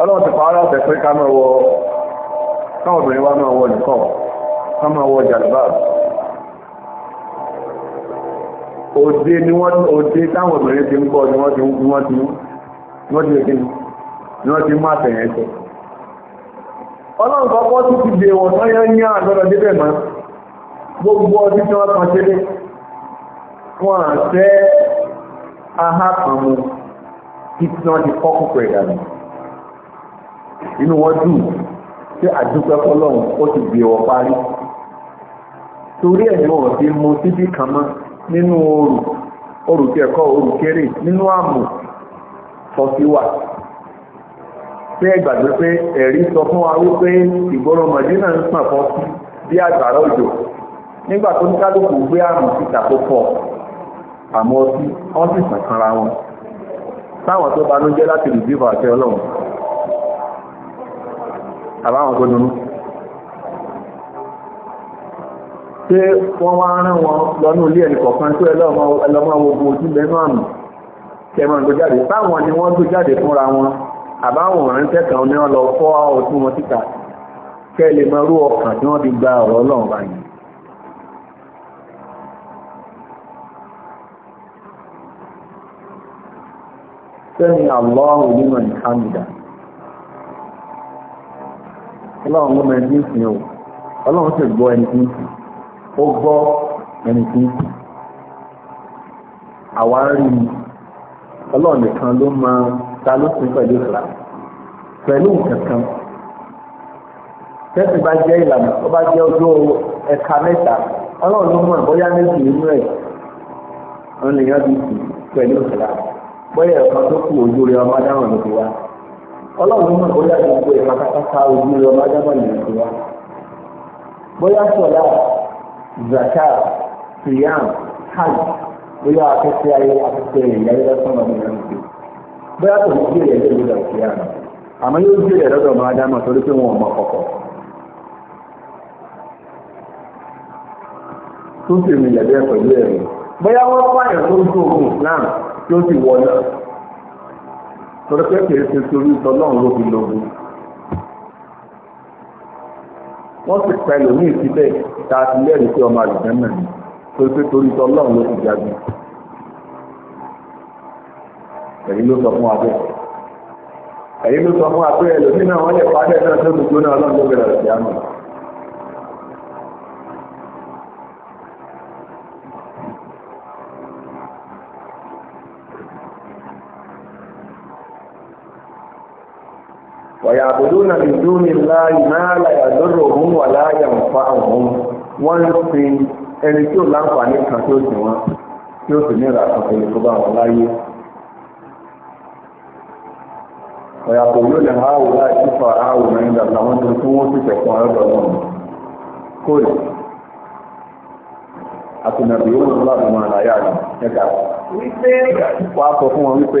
ọlọ́run ti pàwọ́ láti pé ká máa wọ wá máa wọ nìkan ká máa wọ jàlùbá òde ni wọ́n òde táwọn obìnrin ti ń bọ̀ ni wọ́n ti ń wọ́n ti ń wọ́n ti ń ni wọ́n ti ń máa ọlọ́run kọ́kọ́ ti dè inú wọn dùn pé àdúpẹ́ fọlọ́run ó ti gbé ọ parí torí ẹ̀ ni ti mú síbí kan mọ́ nínú oòrùn oòrùn tí ẹ̀kọ́ oòrùn kéré nínú àmù sọ sí wà pé ẹgbàgbé pé ẹ̀rí sọ fún wa wípé ìgboro mọ̀dínà ń pọ̀ fọ́ sí bí àgbàrá òjò nígbà tó ní kálukú gbé àmù síta tó pọ̀ àmọ́ sí ọ́n sì kanra wọn táwọn tó banújẹ́ láti rìdíìfà àti ọlọ́run àbáwọn tó dúnú pé wọ́n wá rán wọn lọ́nà ilé ẹni kọ̀ọ̀kan tó ẹlọ́mọ ogun ojú lẹ́nu àmì kẹmọ̀ tó jáde báwọn ni wọ́n tó jáde fúnra wọn àbáwọn òrìntẹ́ kan ní wọ́n lọ fọ́ ọtún wọn síta kẹ́ lè mọ rú ọkàn tí wọ́n fi gba ọ̀rọ̀ ọlọ́run báyìí sẹ́ni àlọ́ ọlọ́run ló mẹ́rin ní ìsìn o ọlọ́run gbọ́ ẹni tí ń gbọ́ ẹni tí ń àwa ọlọ́run nìkan ló máa ta ló sìn pẹ̀lú ìlà pẹ̀lú kankan bá jẹ́ ìlànà tó bá jẹ́ ọjọ́ ẹ̀ka mẹ́ta ọlọ́run ló mọ̀ bóyá méjì nínú ẹ̀ pẹ̀lú ìlà bóyá ẹ̀kan tó ojú ọlọ́run náà bóyá gbogbo ẹ̀ pátápátá ojú ọmọ ádámọ̀ nìyẹn ti wá bóyá sọ̀lá zakat siyam hajj bóyá afẹ́fẹ́ ayé afẹ́fẹ́ ẹ̀yà ayé lọ́sọ̀nà nìyẹn ti bóyá kò ní gbé rẹ̀ lé lórí ọ̀sẹ̀ àná àmọ́ yóò gbé rẹ̀ lọ́dọ̀ ọmọ ádámọ̀ torí pé wọn ò mọ kọ̀kọ̀ tó sì rìn lẹ́bẹ̀ẹ́ pẹ̀lú ẹ̀rọ bóyá wọ́n pààyàn tó ń tó ogun Islam tó sì wọ torí pé kìí ṣe torí ìtọ́lọ́run ló fi lògùn wọ́n sì pa ẹlòmíì síbẹ̀ tá a ti lẹ́rìí pé ọmọ àlùfẹ́ náà ni torí pé torí ìtọ́lọ́run ló fi jagun èyí ló sọ fún abẹ́ èyí ló sọ fún abẹ́ ẹlòmíì náà wọ́n lè pa abẹ́ náà tó gbogbo náà ọlọ́run ló bẹ̀rẹ̀ sí àná ويعبدون من دون الله ما لا يضرهم ولا ينفعهم wọ́n ń pe ẹni tí ò láǹfààní kan tí ó sì wọ́n tí ó sì ní ìràkàn tó lè tó bá wọn láyé ọ̀yàpọ̀ yóò lè ha àwò láì fífa àwò náà ìgbà táwọn tó tún wọ́n sì tẹ̀kọ́ ọ̀rọ̀ náà kóòlù àti nàbí yóò lọ́wọ́ àbúmọ̀ àlàyé àná ẹ̀ka wọ́n á sọ fún wọn wípé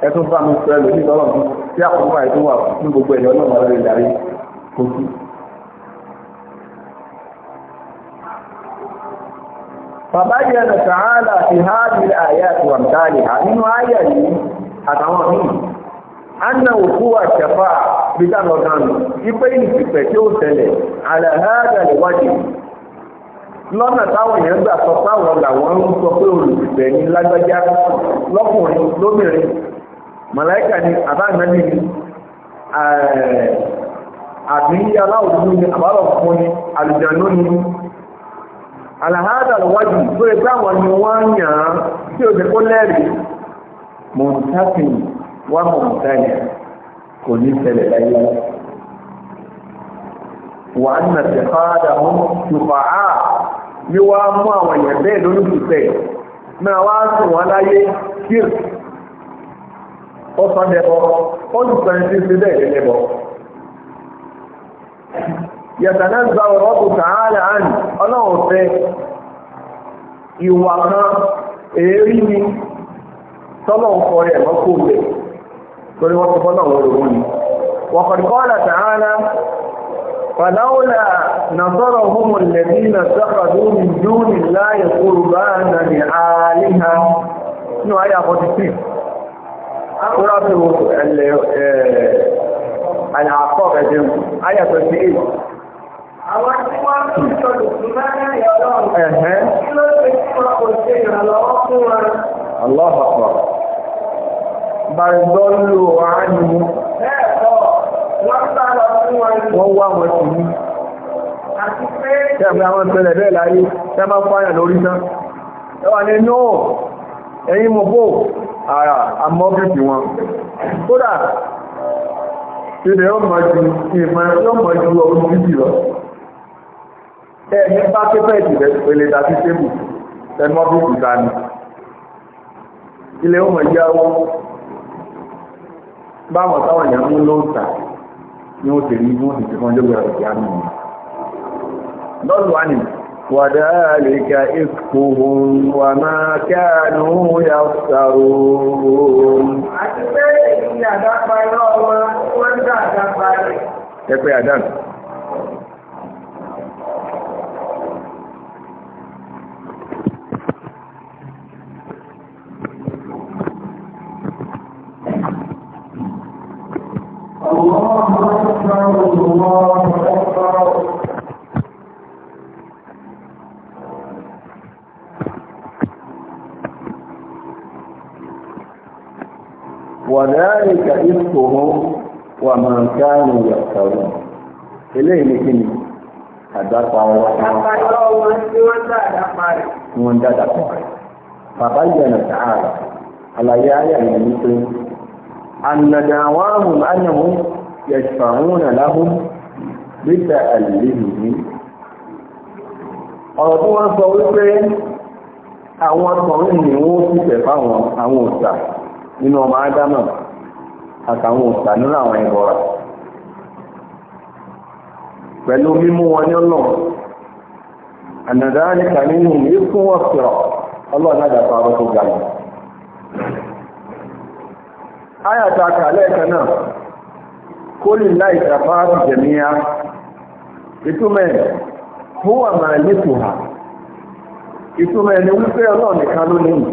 ẹtún bá mi sọ ẹlòmí lọ́rọ̀ mi tí àkókò àìtó wà fún gbogbo ẹ̀yọ́ náà wà lórí ìdarí kò sí. bàbá yẹn lọ sàárà fi há ní àyà àti wàmtáàlì ha nínú àyà yìí àtàwọn míì anna òkú àṣẹfà bíjà lọ́gànù ipe ìsìpẹ̀ tí ó ṣẹlẹ̀ àlàáhàdà lèwádìí lọ́nà táwọn èèyàn gbà sọ pé àwọn làwọn ń sọ pé olùsìpẹ̀ ní lágbájá lọ́kùnrin lóbìnrin màláìkà ni àbáàmẹ́lì ni àbí aláwòdúdú ni àbálọ̀ fún ni àlùjànú ni aláhádàlọ́wájú tó lè táwọn ni wọ́n yàn án tí ó jẹ́ kó lẹ́rìí mọ̀ntàfin wà mọ̀ntàlẹ̀ kò ní ṣẹlẹ̀ láyé wà ọ̀sán lẹ́bọ olùkọ́ ẹni tí ń ṣe bẹ́ẹ̀ lẹ́bọ. yàtàná gba ọ̀rọ̀ tó tààlà àní ọlọ́run fẹ́ ìwà kan èérí ni tọ́lọ́run rẹ̀ mọ́kò bẹ̀ torí wọ́n ti fọ́nà wọn lòun ni. وقد قال تعالى فلولا نصرهم الذين اتخذوا من دون الله قربانا آلهة. نو آية 46 سورة العقاب ẹ̀jẹun ayà 28 Àwọn tí wọ́n ń sọ̀rọ̀ sí máa ń yọ̀ lọ́rùn. Ẹ̀hẹ́. Kí ló ṣe tí wọ́n kò ṣe ìrànlọ́wọ́ fún wọn? Allah akbar. Bàrìdọ́lù àánú. Bẹ́ẹ̀ sọ, wọ́n sá lọ fún wọn. Wọ́n wá wọn sí ní. Àti pé. Ṣé àmì àwọn ìpẹlẹ̀ bẹ́ẹ̀ láyé, ṣé máa ń fáyà lórí ara amọ́bìtì wọn kódà ilẹ̀ ọmọ ju ìmọ̀ ọmọ ju ọdún bíbì lọ ẹni bá pépẹ́ ìdìbẹ̀ pèlè tàbí tébù ẹmọ́bìtì ta ni ilẹ̀ ọmọ yáwó báwọn táwọn èèyàn mú lóòótà ni ó tẹ̀lé ní wọ́n ti tẹ̀kọ́ lórí ọ̀rọ̀ ìyá mi lọ́lùwánìí وذلك إفكهم وما كانوا يفترون Ẹgbẹ́ Adam. Allah, Allah, Allah. وذلك إفكهم وما كانوا يفترون إليه نكني àdápa ọwọ́ wọn dáadáa pọ̀ bàbá ìyànà tààrà àlàyé ayà ìyàn ní pé annadawahum annahum yashfa'una lahum bíta àlèyìí ọ̀rọ̀ tí wọ́n nínú ọmọ ádámà àtàwọn òṣà nínú àwọn ìbọ̀ra pẹ̀lú mímú wọn ní ọlọ́ ànàdáni kàmínú yìí fún wọn fìrọ̀ ọlọ́run náà tó ga lọ. áyàtà kan náà kólì láì tàfà jẹ̀míyá ìtumẹ̀ fún ìtumẹ̀ ni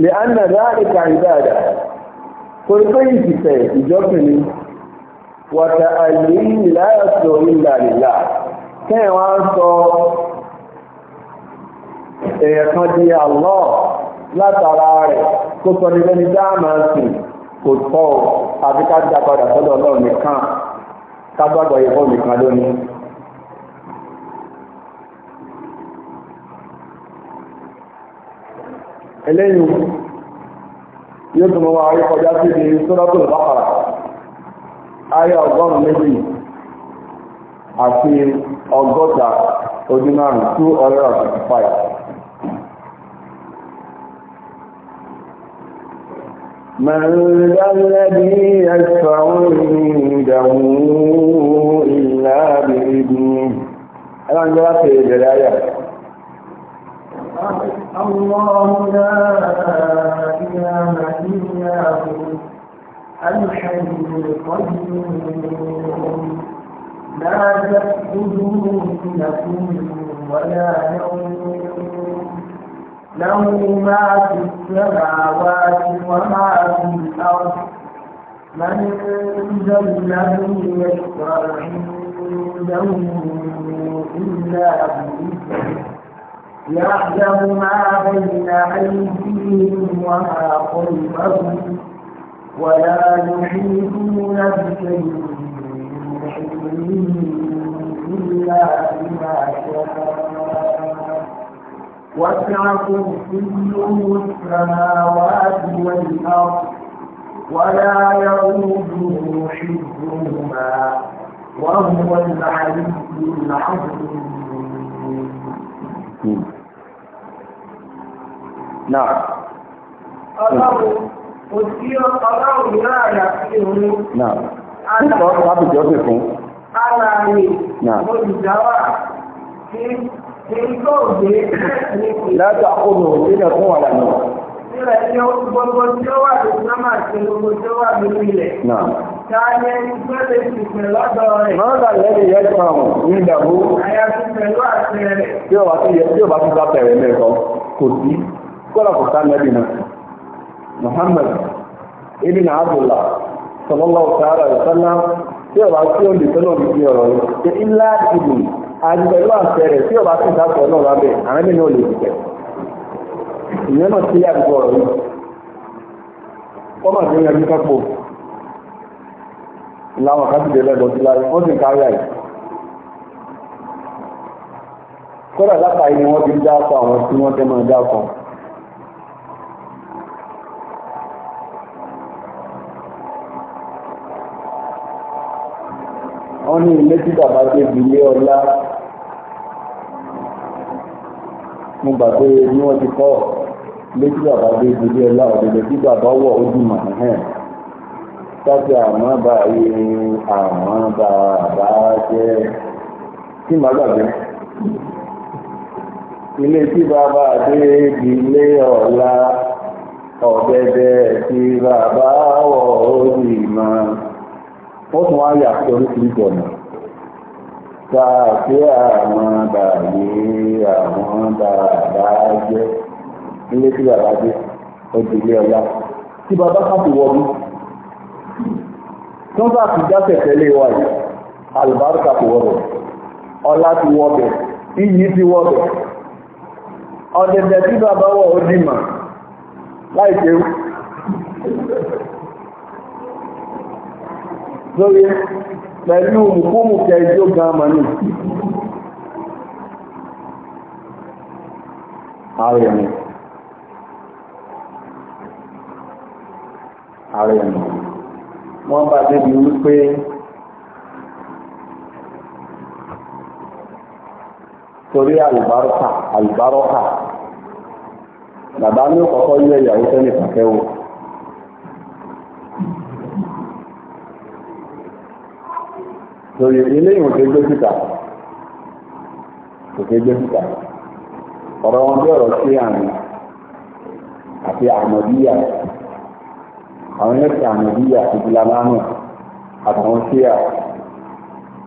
lè á nà dáàdìkà ìdáàdà torí pé ìsìfẹ̀ ìjọsìn ni wàtà àìlè ìláyà sọ ìlà ìlà kẹ́yìn wá ń sọ èèyàn kan di àlọ́ látara rẹ̀ kó sọ ní lẹ́ni dáàmà sùn kò tọ́ àbíká dá sọ́dọ̀ ọlọ́run nìkan ká gbàgbọ́ nìkan lónìí ẹlẹ́yìn yóò tó mọ́ wáyé kọjá sí ibi sọ́dọ́tò ìbáfàrà ayé ọgọ́rùn méjì àti ọgọ́ta ọdún márùn two hundred and fifty five من ذا الله لا إله إلا هو الحي القيوم لا تأخذه سنة ولا نوم له ما في السماوات وما في الأرض من ذا الذي يشفع عنده إلا بإذنه يعلم ما بين أيديهم وما خلفهم ولا يحيطون بشيء من إلا بما شاء وسع كرسيه السماوات والأرض ولا يؤوده حفظهما وهو العلي العظيم náà. ọlọ́run kò sí ọlọ́run náà yà sí òun. náà nípa láti jọ sí fún. aláàrin olùdáwà kí kí tó gbé ní kí. láti àkóso sílẹ̀ fún wàlà náà. Ilẹ̀ ni gbogbo tí ó wà lórí sọ́mà àti gbogbo tí ó wà lórí ilẹ̀. Táyé gbẹ́lẹ̀ ti pẹ̀ lọ́dọ̀ rẹ̀. Mọ́tà lẹ́yìn yẹn kan ní ìdàgbò. Àyàfi pẹ̀lú àṣẹ rẹ̀. Tí ó bá ti kọ́lá kò sá Muhammad ibn Abdullah sallallahu ta'ala alaihi wasallam tí ọba tí ó lè tọ́nà mi fi ọ̀rọ̀ ṣe ńlá ìlú àti pẹ̀lú àṣẹ rẹ̀ ọba tí ìdákọ̀ náà lábẹ́ àwọn ẹ̀mí náà lè jẹ́ ìyẹn náà sí àdúgbò ọ̀rọ̀ yìí kọ́mà tí ó yanjú kápò láwọn kásìdé wọ́n kárí àyè kọ́dà lápá wọ́n ti dá ọkọ̀ àwọn tí wọ́n tẹ́ dá wọ́n ní ilé tí bàbá dé bilé ọlá mo gbà pé ní wọ́n ti kọ́ ilé tí bàbá dé bilé ọlá ọ̀dẹ̀dẹ̀ tí bàbá wọ̀ ó dùn màá hàn sáfì àmọ́ bá irin àmọ́ bàbá jẹ́ tí màá gbàgbé ilé tí bàbá dé bilé ọlá ọ̀dẹ̀dẹ̀ tí bàbá wọ̀ ó dùn màá wọ́n tún wá yà sí oríṣiríṣi ọ̀nà ta pé àwọn bàbí àwọn bàbá jẹ́ ilé tí bàbá jẹ́ ọdún ilé ọlá tí bàbá kan ti wọlú tó bá ti dáṣẹ̀ tẹ́lé wa yìí alùbáríkà ti wọbẹ̀ ọlá ti wọbẹ̀ iyì ti wọbẹ̀ ọ̀dẹ̀dẹ̀ tí bàbá wọ̀ ó dìmọ̀ láìpẹ́ lórí pẹ̀lú mùkúmùkẹ́ ijó gan mọ̀nì ààrẹ ẹ̀mọ̀ ààrẹ ẹ̀mọ̀ wọ́n bá débi wípé torí àlùbárọ́kà àlùbárọ́kà bàbá ní ọ̀kọ̀ọ̀kọ́ ilé ìyàwó tẹ́lẹ̀ pàkẹ́wò torí ilé ìwọ̀n tó gbé síta kò tó gbé síta ọ̀rọ̀ wọn bí ọ̀rọ̀ sí àmì àti àmọ̀díyà àwọn ẹ̀sìn àmọ̀díyà àti bùlámánù àtàwọn síà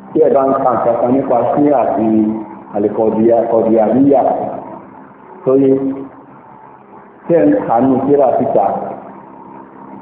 tí ẹ̀ bá ń ka nǹkan nípa síà àti àlèkọ̀dìyà níyà tó tí ẹ̀ ń kà nù síra síta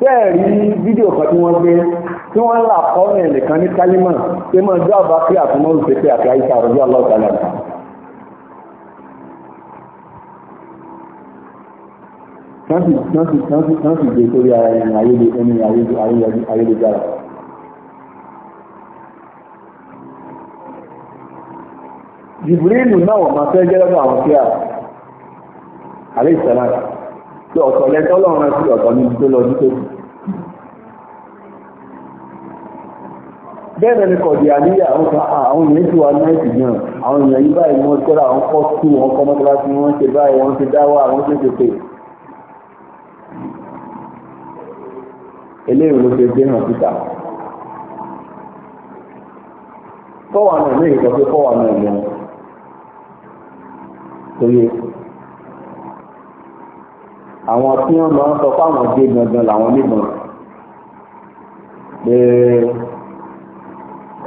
bẹ́ẹ̀ rí fídíò kan tí wọ́n gbé tí wọ́n là kọ́ ní ẹnìkan ní kálímà pé mọ̀ ọjọ́ àbá pé àtúmọ̀ òṣèpẹ́ àti àyíká ọjọ́ ọlọ́ọ̀tàlá kan sì kan sì kan sì kan sì gbé sórí ara ẹni ayélu ẹni ayélu ayélu ayélujára. Jibrilu náà wọ́n máa fẹ́ jẹ́ lọ́dọ̀ àwọn kíá àlẹ́ ìsàlámù pé ọ̀tọ̀ lẹ́tọ́ lọ́rùn sí ọ̀tọ̀ níbi tó lọ dípò kù bẹ́ẹ̀ ni kọ̀dì àníyà àwọn èèyàn tí wà náìtì náà àwọn èèyàn yí báyìí wọ́n tẹ́lá àwọn kọ́ sí wọn kọ́ mọ́tọ́lá sí wọ́n ṣe báyìí wọ́n ṣe dáwà wọ́n ṣe ṣe pé eléyìí ló ṣe dé hàn síta kọ́wà náà ní ìsọ pé kọ́wà náà lọ àwọn tí wọ́n máa ń sọ fáwọn dé gangan làwọn níbọn pé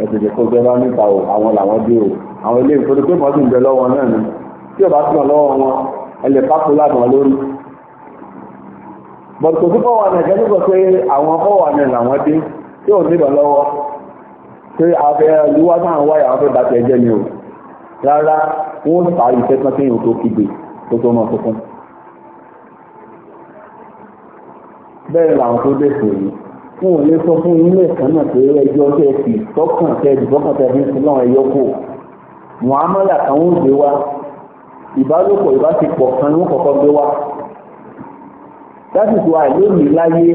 ẹ̀sìn kò jẹ́ bá níta o àwọn làwọn dé o àwọn ilé ìfowópamọ́ pé mọ́tò ń bẹ lọ́wọ́ náà ni tí ò bá tún ọ lọ́wọ́ wọn ẹ lè pákó láàbọ̀ lórí bọ̀tò tó fọ́wọ́ àná ìjẹ́ nígbà pé àwọn fọ́wọ́ àná làwọn dé tí ò níbọn lọ́wọ́ pé afẹ́ ìlúwà náà wáyà wọn fẹ́ bá tẹ̀ jẹ́ ni o rárá wọ́n sàárì tẹ́tán kéèyàn tó kígbe tó tó mọ́ tuntun bẹ́ẹ̀ làwọn tó dẹ̀sẹ̀ yìí fún òun lè sọ fún ilé kan náà pé ẹjọ́ tẹ́ fi tọ́kàn tẹ́ ìdìbọ́kàn tẹ́ fi ń sin náà ẹyọ kù muhammadu kan ó gbé wa ìbálòpọ̀ ìbáṣepọ̀ kan ní kọ̀kọ́ gbé wa lásìkò àìlónìí láyé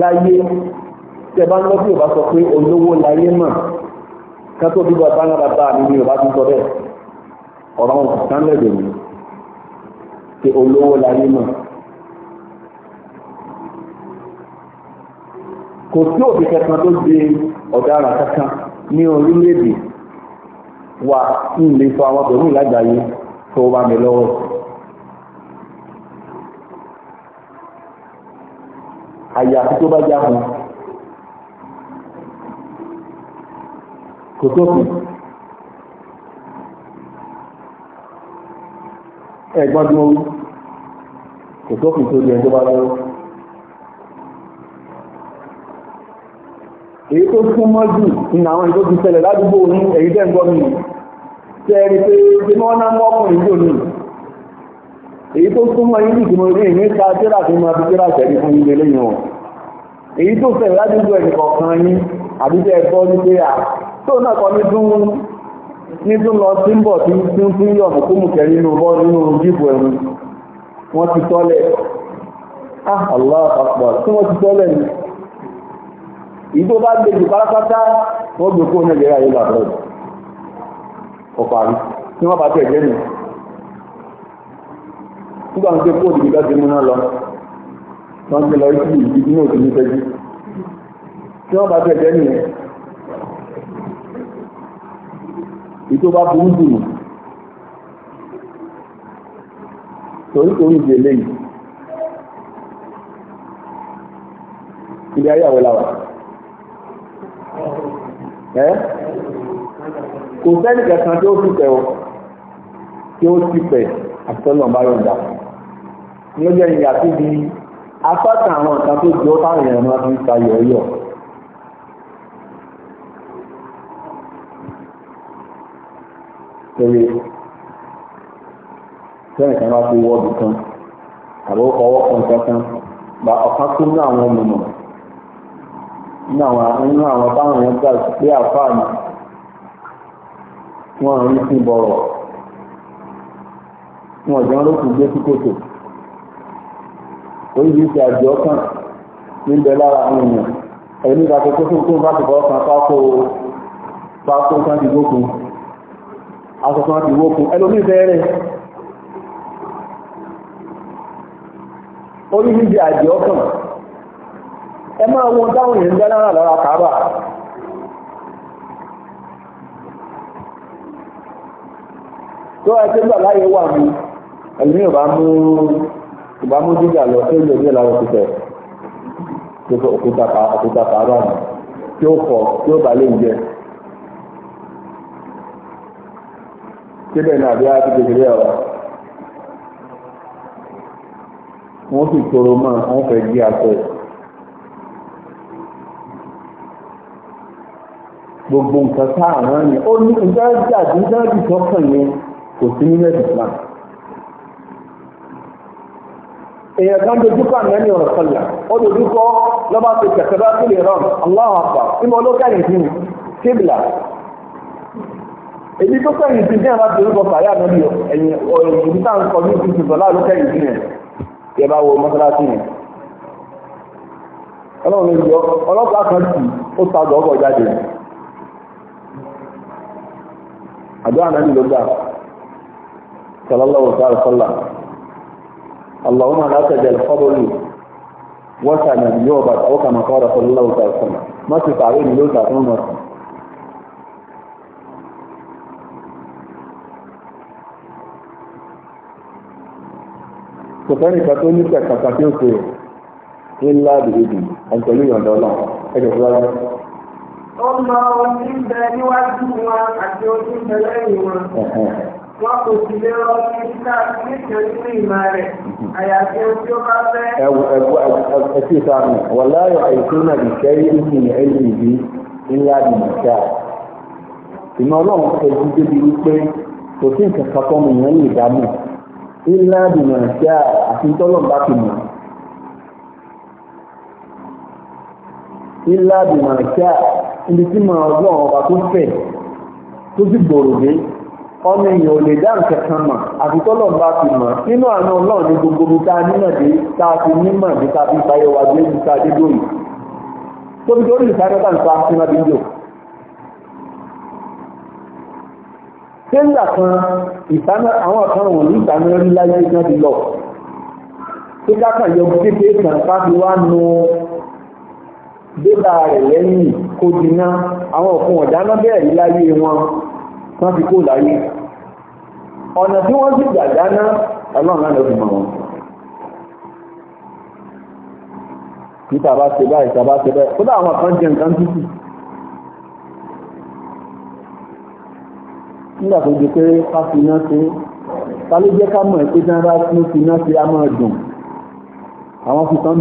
láyé tẹ bá ń lọ sí Yorùbá sọ pé olówó láyé mọ̀ kátó bíbọ báńgá bàbá mi ni Yorùbá ti sọ bẹ́ẹ̀ ọ̀rọ̀ àwọn òṣìṣẹ́ lẹ́dẹ̀ẹ́ mi pé olówó láyé mọ̀ kò sí òbí kẹta tó di ọ̀daràn kankan ní orílẹ̀-èdè wa ń lè sọ àwọn tòun ìlàgbáyé tó wà mí lọ́wọ́. àyàfi tó bá já fún kò sófin ẹ̀gbọ́n tí kò sófin tó di ẹjọ́ bá lọ́wọ́. èyí tó súnmọ́ jù ní àwọn ìjọ ti ṣẹlẹ̀ ládùúgbò ní èyí tẹ́ ń gbọ́ mi tẹ́ ẹni pé ṣe mọ́ náà mọ́ ọkùnrin jò ní èyí tó súnmọ́ ní ìdìmọ̀ ìní ta tíra fi tíra tẹ̀lé fún ilé lẹ́yìn èyí tó ṣẹlẹ̀ ládùúgbò kọ̀ọ̀kan yín àbí ní pé à tó náà kọ́ ní dún ìgbó bá gbé jù pátápátá wọ́n gbé kúrò nàìjíríà yóò bá bọ́ọ̀dù ọ̀pọ̀ àrí tí wọ́n bá tẹ̀ jẹ́ nù nígbà wọn pé kóòdù bí káàkiri múná lọ wọ́n ti lọ sí ìdí náà ti ní fẹ́jú tí wọ́n bá tẹ̀ jẹ́ nù ìtò bá burú jù nù torí torí ìdè lẹ́yìn ilé ayé àwọ̀ làwà. ẹ́ kò sẹ́ni kẹsàn tí ó ti pẹ̀ tí ó ti pẹ̀ àtọ́nà bá yọ̀ǹda ní ó jẹ́ ìyà tí di afákan àwọn nǹkan tó jọ táwọn èèyàn máa ń ta yọ̀ọ́yọ̀ torí sẹ́ni bá fi wọ́ọ̀dù kan kan nínú àwọn nínú àwọn táwọn èèyàn gbà pé àfáàní wọn rí sí bọ̀rọ̀ wọn jọ ń rókù gbé sí kòtò oríṣiríṣi àjọ ọkàn níbẹ̀ lára àwọn èèyàn ẹni ìgbà tó tó tó bá ti bọ́ kan pákó pákó kan ti gbókun aṣọ kan ti gbókun ẹlòmíì bẹ́ẹ̀rẹ̀ oríṣiríṣi àjọ ọkàn ẹ máa wọn dáhùn yẹn jẹ́ náírà lára kàábà tó ẹ ti gbà láyé wà mí ẹ̀mí ò bá mú ìbá mú jíjà lọ tó lè ní ìlànà òkúta tó fọ òkúta kàábà nù tí ó fọ tí ó bá lè jẹ wọ́n sì tóró mọ́ wọ́n fẹ́ jí aṣọ ẹ̀. gbogbo nǹkan tá àwọn yẹn ó ní ìdájọ́ àti ìdájọ́ tọkàn yẹn kò sí nínú ẹ̀sìn Islam. èèyàn kan dojúkọ àmì ọ̀rọ̀ sọ̀lá ó dojúkọ lọ́ba ti kẹ̀kẹ́ bá sílẹ̀ rán Allahu Akbar ìmọ̀ olókàyìn sí kébìlà èyí tó kẹ́yìn sí jẹ́ láti orúkọ fàyà náà bí ẹ̀yìn òyìnbí tá à ń kọ ní tuntun bọ̀lá ló kẹ́yìn sí yẹn yẹ bá wo mọ́sálásí yẹn. ọlọ́run ló yọ ọlọ́pàá kan tì ó ta gbọ́gbọ́ jáde àdúrà náà ló gbà sallallahu alaihi wa sallam allahumma la tajal qabri wasanan yubat aw kama qala sallallahu alaihi wa sallam má ti sàárè ní ló gbà fún mọ́ kò fẹ́ni kan tó ní kẹ̀kàkà tí ó pè é ńlá bìbìbì àti pẹ̀lú ìyọ̀ǹda ọlọ́run ẹ̀jẹ̀ fúlájú ó mọ ohun tí ń bẹ níwájú wọn àti ohun tí ń bẹ lẹ́yìn wọn. Wọn kò sì lè rọ ní ká nítorí ní ìmọ̀ rẹ̀, mhm. àyàfi ohun tí ó bá fẹ́. Ẹ sì sá mi, wọ́n láyọ̀ àìsí náà ìṣẹ́ yìí ní ẹ̀yìn ìbí ńlá ìmọ̀ṣá. Ìmọ̀ ọlọ́run ṣẹ́jú débi wípé kò sí nǹkan kan tó mọ̀ yẹn lè dámọ̀. Ńlá ìmọ̀ṣá àti tọ́lọ̀ bá ti mọ̀. ilá àbìmọ̀ọ́kíà ibi tí mọ̀ ọlọ́run ọba tó fẹ̀ tó sì gbòòrò dé ọmọ èèyàn ò lè dá nǹkan kan mọ̀ àti tọ́lọ̀ bá fi mọ̀ nínú àánú ọlọ́run ní gbogbo bí ká nímọ̀ dé ká fi nímọ̀ dé ká fi fàyè wà dé ní ká dé lóyè tó fi torí ìsáré bá ń pa sí wọn bíjò. sẹ́ńdà kan ìsáná àwọn kan wọ̀n ní ìsáná rí láyé náà ti lọ tó dákà yọ kékeré kan ká fi wá nu débà rẹ̀ lẹ́yìn kó dínà àwọn òkun ọ̀dáná bẹ́ẹ̀ rí láyé wọn wọ́n fi kó láyé ọ̀nà tí wọ́n sì gbà dáná ọlọ́run náà ló fi mọ̀ wọn níta bá ṣe báyìí tàbá ṣe báyìí kódà àwọn kan jẹ nǹkan tútù nígbà tó di pé ká fi iná ṣe ta ló jẹ́ ká mọ̀ ẹ́ pé dáná ló fi iná ṣe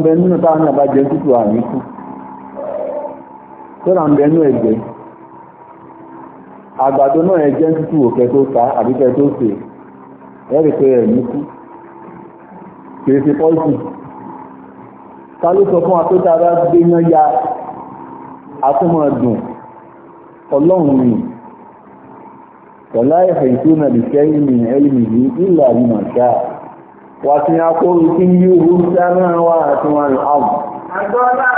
bẹ nínú táwọn àbájẹ tútù àníkù tọ́rà ń bẹnú ẹgbẹ́ àgbàdo náà ẹjẹ́ ń tútù òkè tó ta àbíkẹ́ tó sè ẹ̀rì pé ẹ̀ ní kú kìí ṣe pọ́ìsì ká ló sọ fún wa pé tá a bá gbé yán ya atúmọ̀ dùn ọlọ́run ni pẹ̀lá ẹ̀fẹ̀ ìtú náà lè fẹ́ ìmì ẹ̀lìmì yìí ìlà ìmọ̀ ṣáà wà sí akóró tí ń yí owó sáà náà wà àti wọn àrùn ولا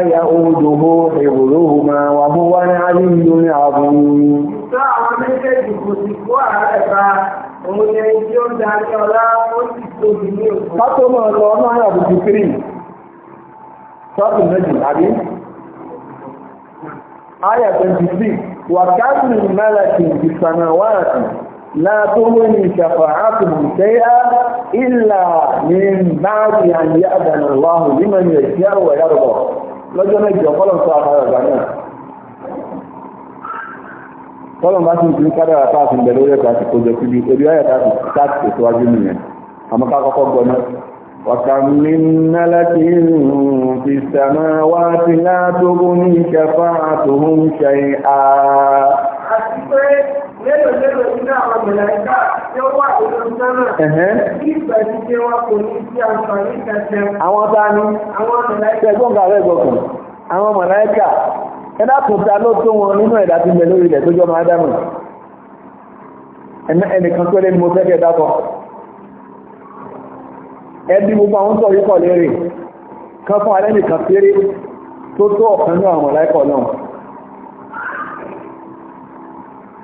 يؤوده حفظهما وهو العلي العظيم Fátọ́mọ̀ lọ ọmọ àbùkù kiri, sọ́tù méjì àbí? Ayà 26, wà káàkiri mẹ́lẹ̀kì ìsànà wáyàtì لا تغني شفاعتهم شيئا إلا من بعد أن يأذن الله لمن يشاء ويرضى lọ́jọ́ mẹ́jọ kọ́lọ̀n sọ àkàrà ọ̀gbà náà kọ́lọ̀n bá tún tún kádàrà táàfin bẹ̀rẹ̀ orí ẹ̀kọ́ àti kójọ síbi orí ọ̀yà táàfin وكم من ملك في السماوات لا تغني شيئا pé lérò lérò nínú àwọn mẹ̀lẹ́ká tí ó wà nínú sẹ́nà ní ìgbà tí pé wọn kò ní sí àǹfààní kẹsẹ̀. Àwọn ta Àwọn mẹ̀lẹ́ká. Ṣẹ̀gbọ́n kàwé gbọ̀kùn. Àwọn mẹ̀lẹ́ká. ta ló tó wọn nínú ẹ̀dá ti lórí ilẹ̀ tó jọ máa dámù. Ẹnìkan mo fẹ́ dákọ̀.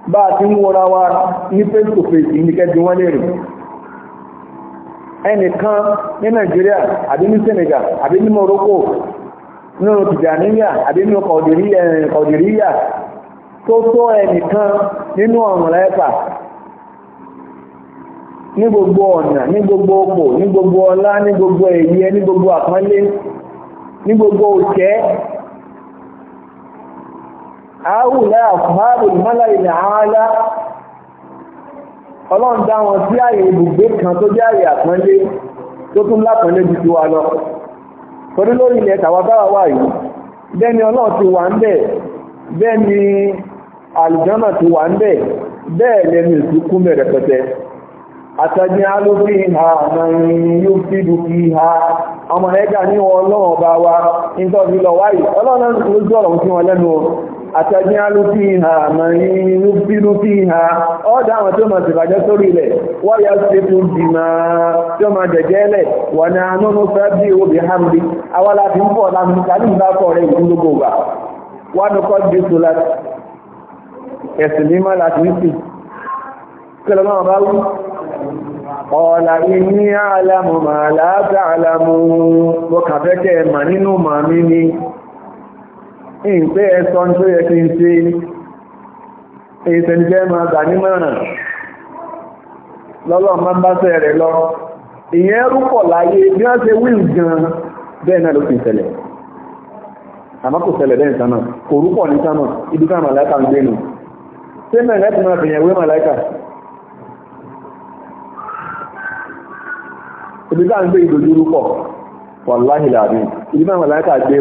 bá a ti ń wa ní face ní kẹ́jú wọ́n ẹnìkan ní nigeria àbí ní Senegal àbí ní Morocco nínú Tìjàníyà àbí nínú Kọ̀dìríyà eh, tó tó ẹnìkan nínú ọ̀rùn ní gbogbo ọ̀nà ní gbogbo ọ̀pọ̀ ní gbogbo ọlá ní gbogbo ẹ̀yẹ àáwùlẹ́ a ìmọ́lá ilẹ̀ àálá ọlọ́run dá wọn sí ààyè ibùgbé kan tó jẹ́ ààyè àpọ́nlé tó tún lápọ́nlé ju ti wa lọ torí lórí ilẹ̀ tàwa wà yìí bẹ́ẹ̀ ni ti ń bẹ́ẹ̀ àlùjọ́nà ti wà ń bẹ̀ bẹ́ẹ̀ lẹ́nu ìsìnkú mẹ́rẹ̀ pẹ̀tẹ́ àtàjì àmàrin yóò fi ọmọ wa lọ wáyìí lójú ọ̀rọ̀ fún wọn àtẹ́jìnálú fi ha ma ní inú bínú fi ha ọ́dá àwọn tí ó ma sì bàjẹ́ sórí ilẹ̀ wọ́n yẹ ṣe fún jìmá tí ó ma jẹ̀jẹ́ lẹ̀ wọ́n ní anúnú fẹ́ bí owó bí hamdi àwọn láti ń pọ̀ láti kálí ìgbà kọ̀ ọ̀la ìní àlàmù màlá àtàlàmù mo kàfẹ́kẹ́ nínú màmí ni. ìpé ẹsọ tó yẹ kí n ṣe ìsẹ̀njẹ́ máa gbà ní mọ́ràn lọ́lọ́ máa ń bá sẹ́ rẹ̀ lọ ìyẹn rúpọ̀ láyé bí wọ́n ṣe wí gan bẹ́ẹ̀ náà ló fi ṣẹlẹ̀ àmọ́ kò ṣẹlẹ̀ bẹ́ẹ̀ sánà kò rúpọ̀ ní sánà ibi ká ń gbé ṣé mẹ́rin láti máa fìyàn wé màláìka ibi ń gbé rúpọ̀ wàláhìlà àbí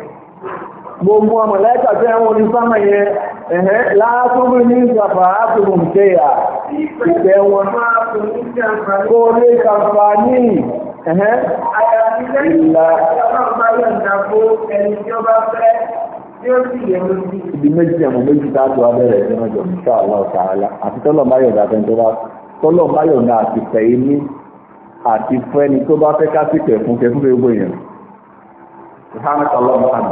gbogbo ọmọ lẹ́ta tẹ́ wọn ní sámà yẹn ẹ̀hẹ́ látúrú ní ìjàfà átùmù ṣe à ìfẹ́ wọn kó lè kàfà ní ẹ̀hẹ́ ìlà ibi méjì ẹ̀mọ̀ méjì tààtù abẹ́rẹ̀ ẹ̀jẹ̀ mẹ́jọ ṣáàlá ọ̀tààlá àti tọ́lọ̀ báyọ̀ dàbẹ̀ tó bá tọ́lọ̀ báyọ̀ náà àti fẹ̀ inú àti fẹ́ni tó bá fẹ́ ká sí kẹfún kẹfún gbogbo èèyàn. Ìhánà tọ́lọ̀ mọ́ àná.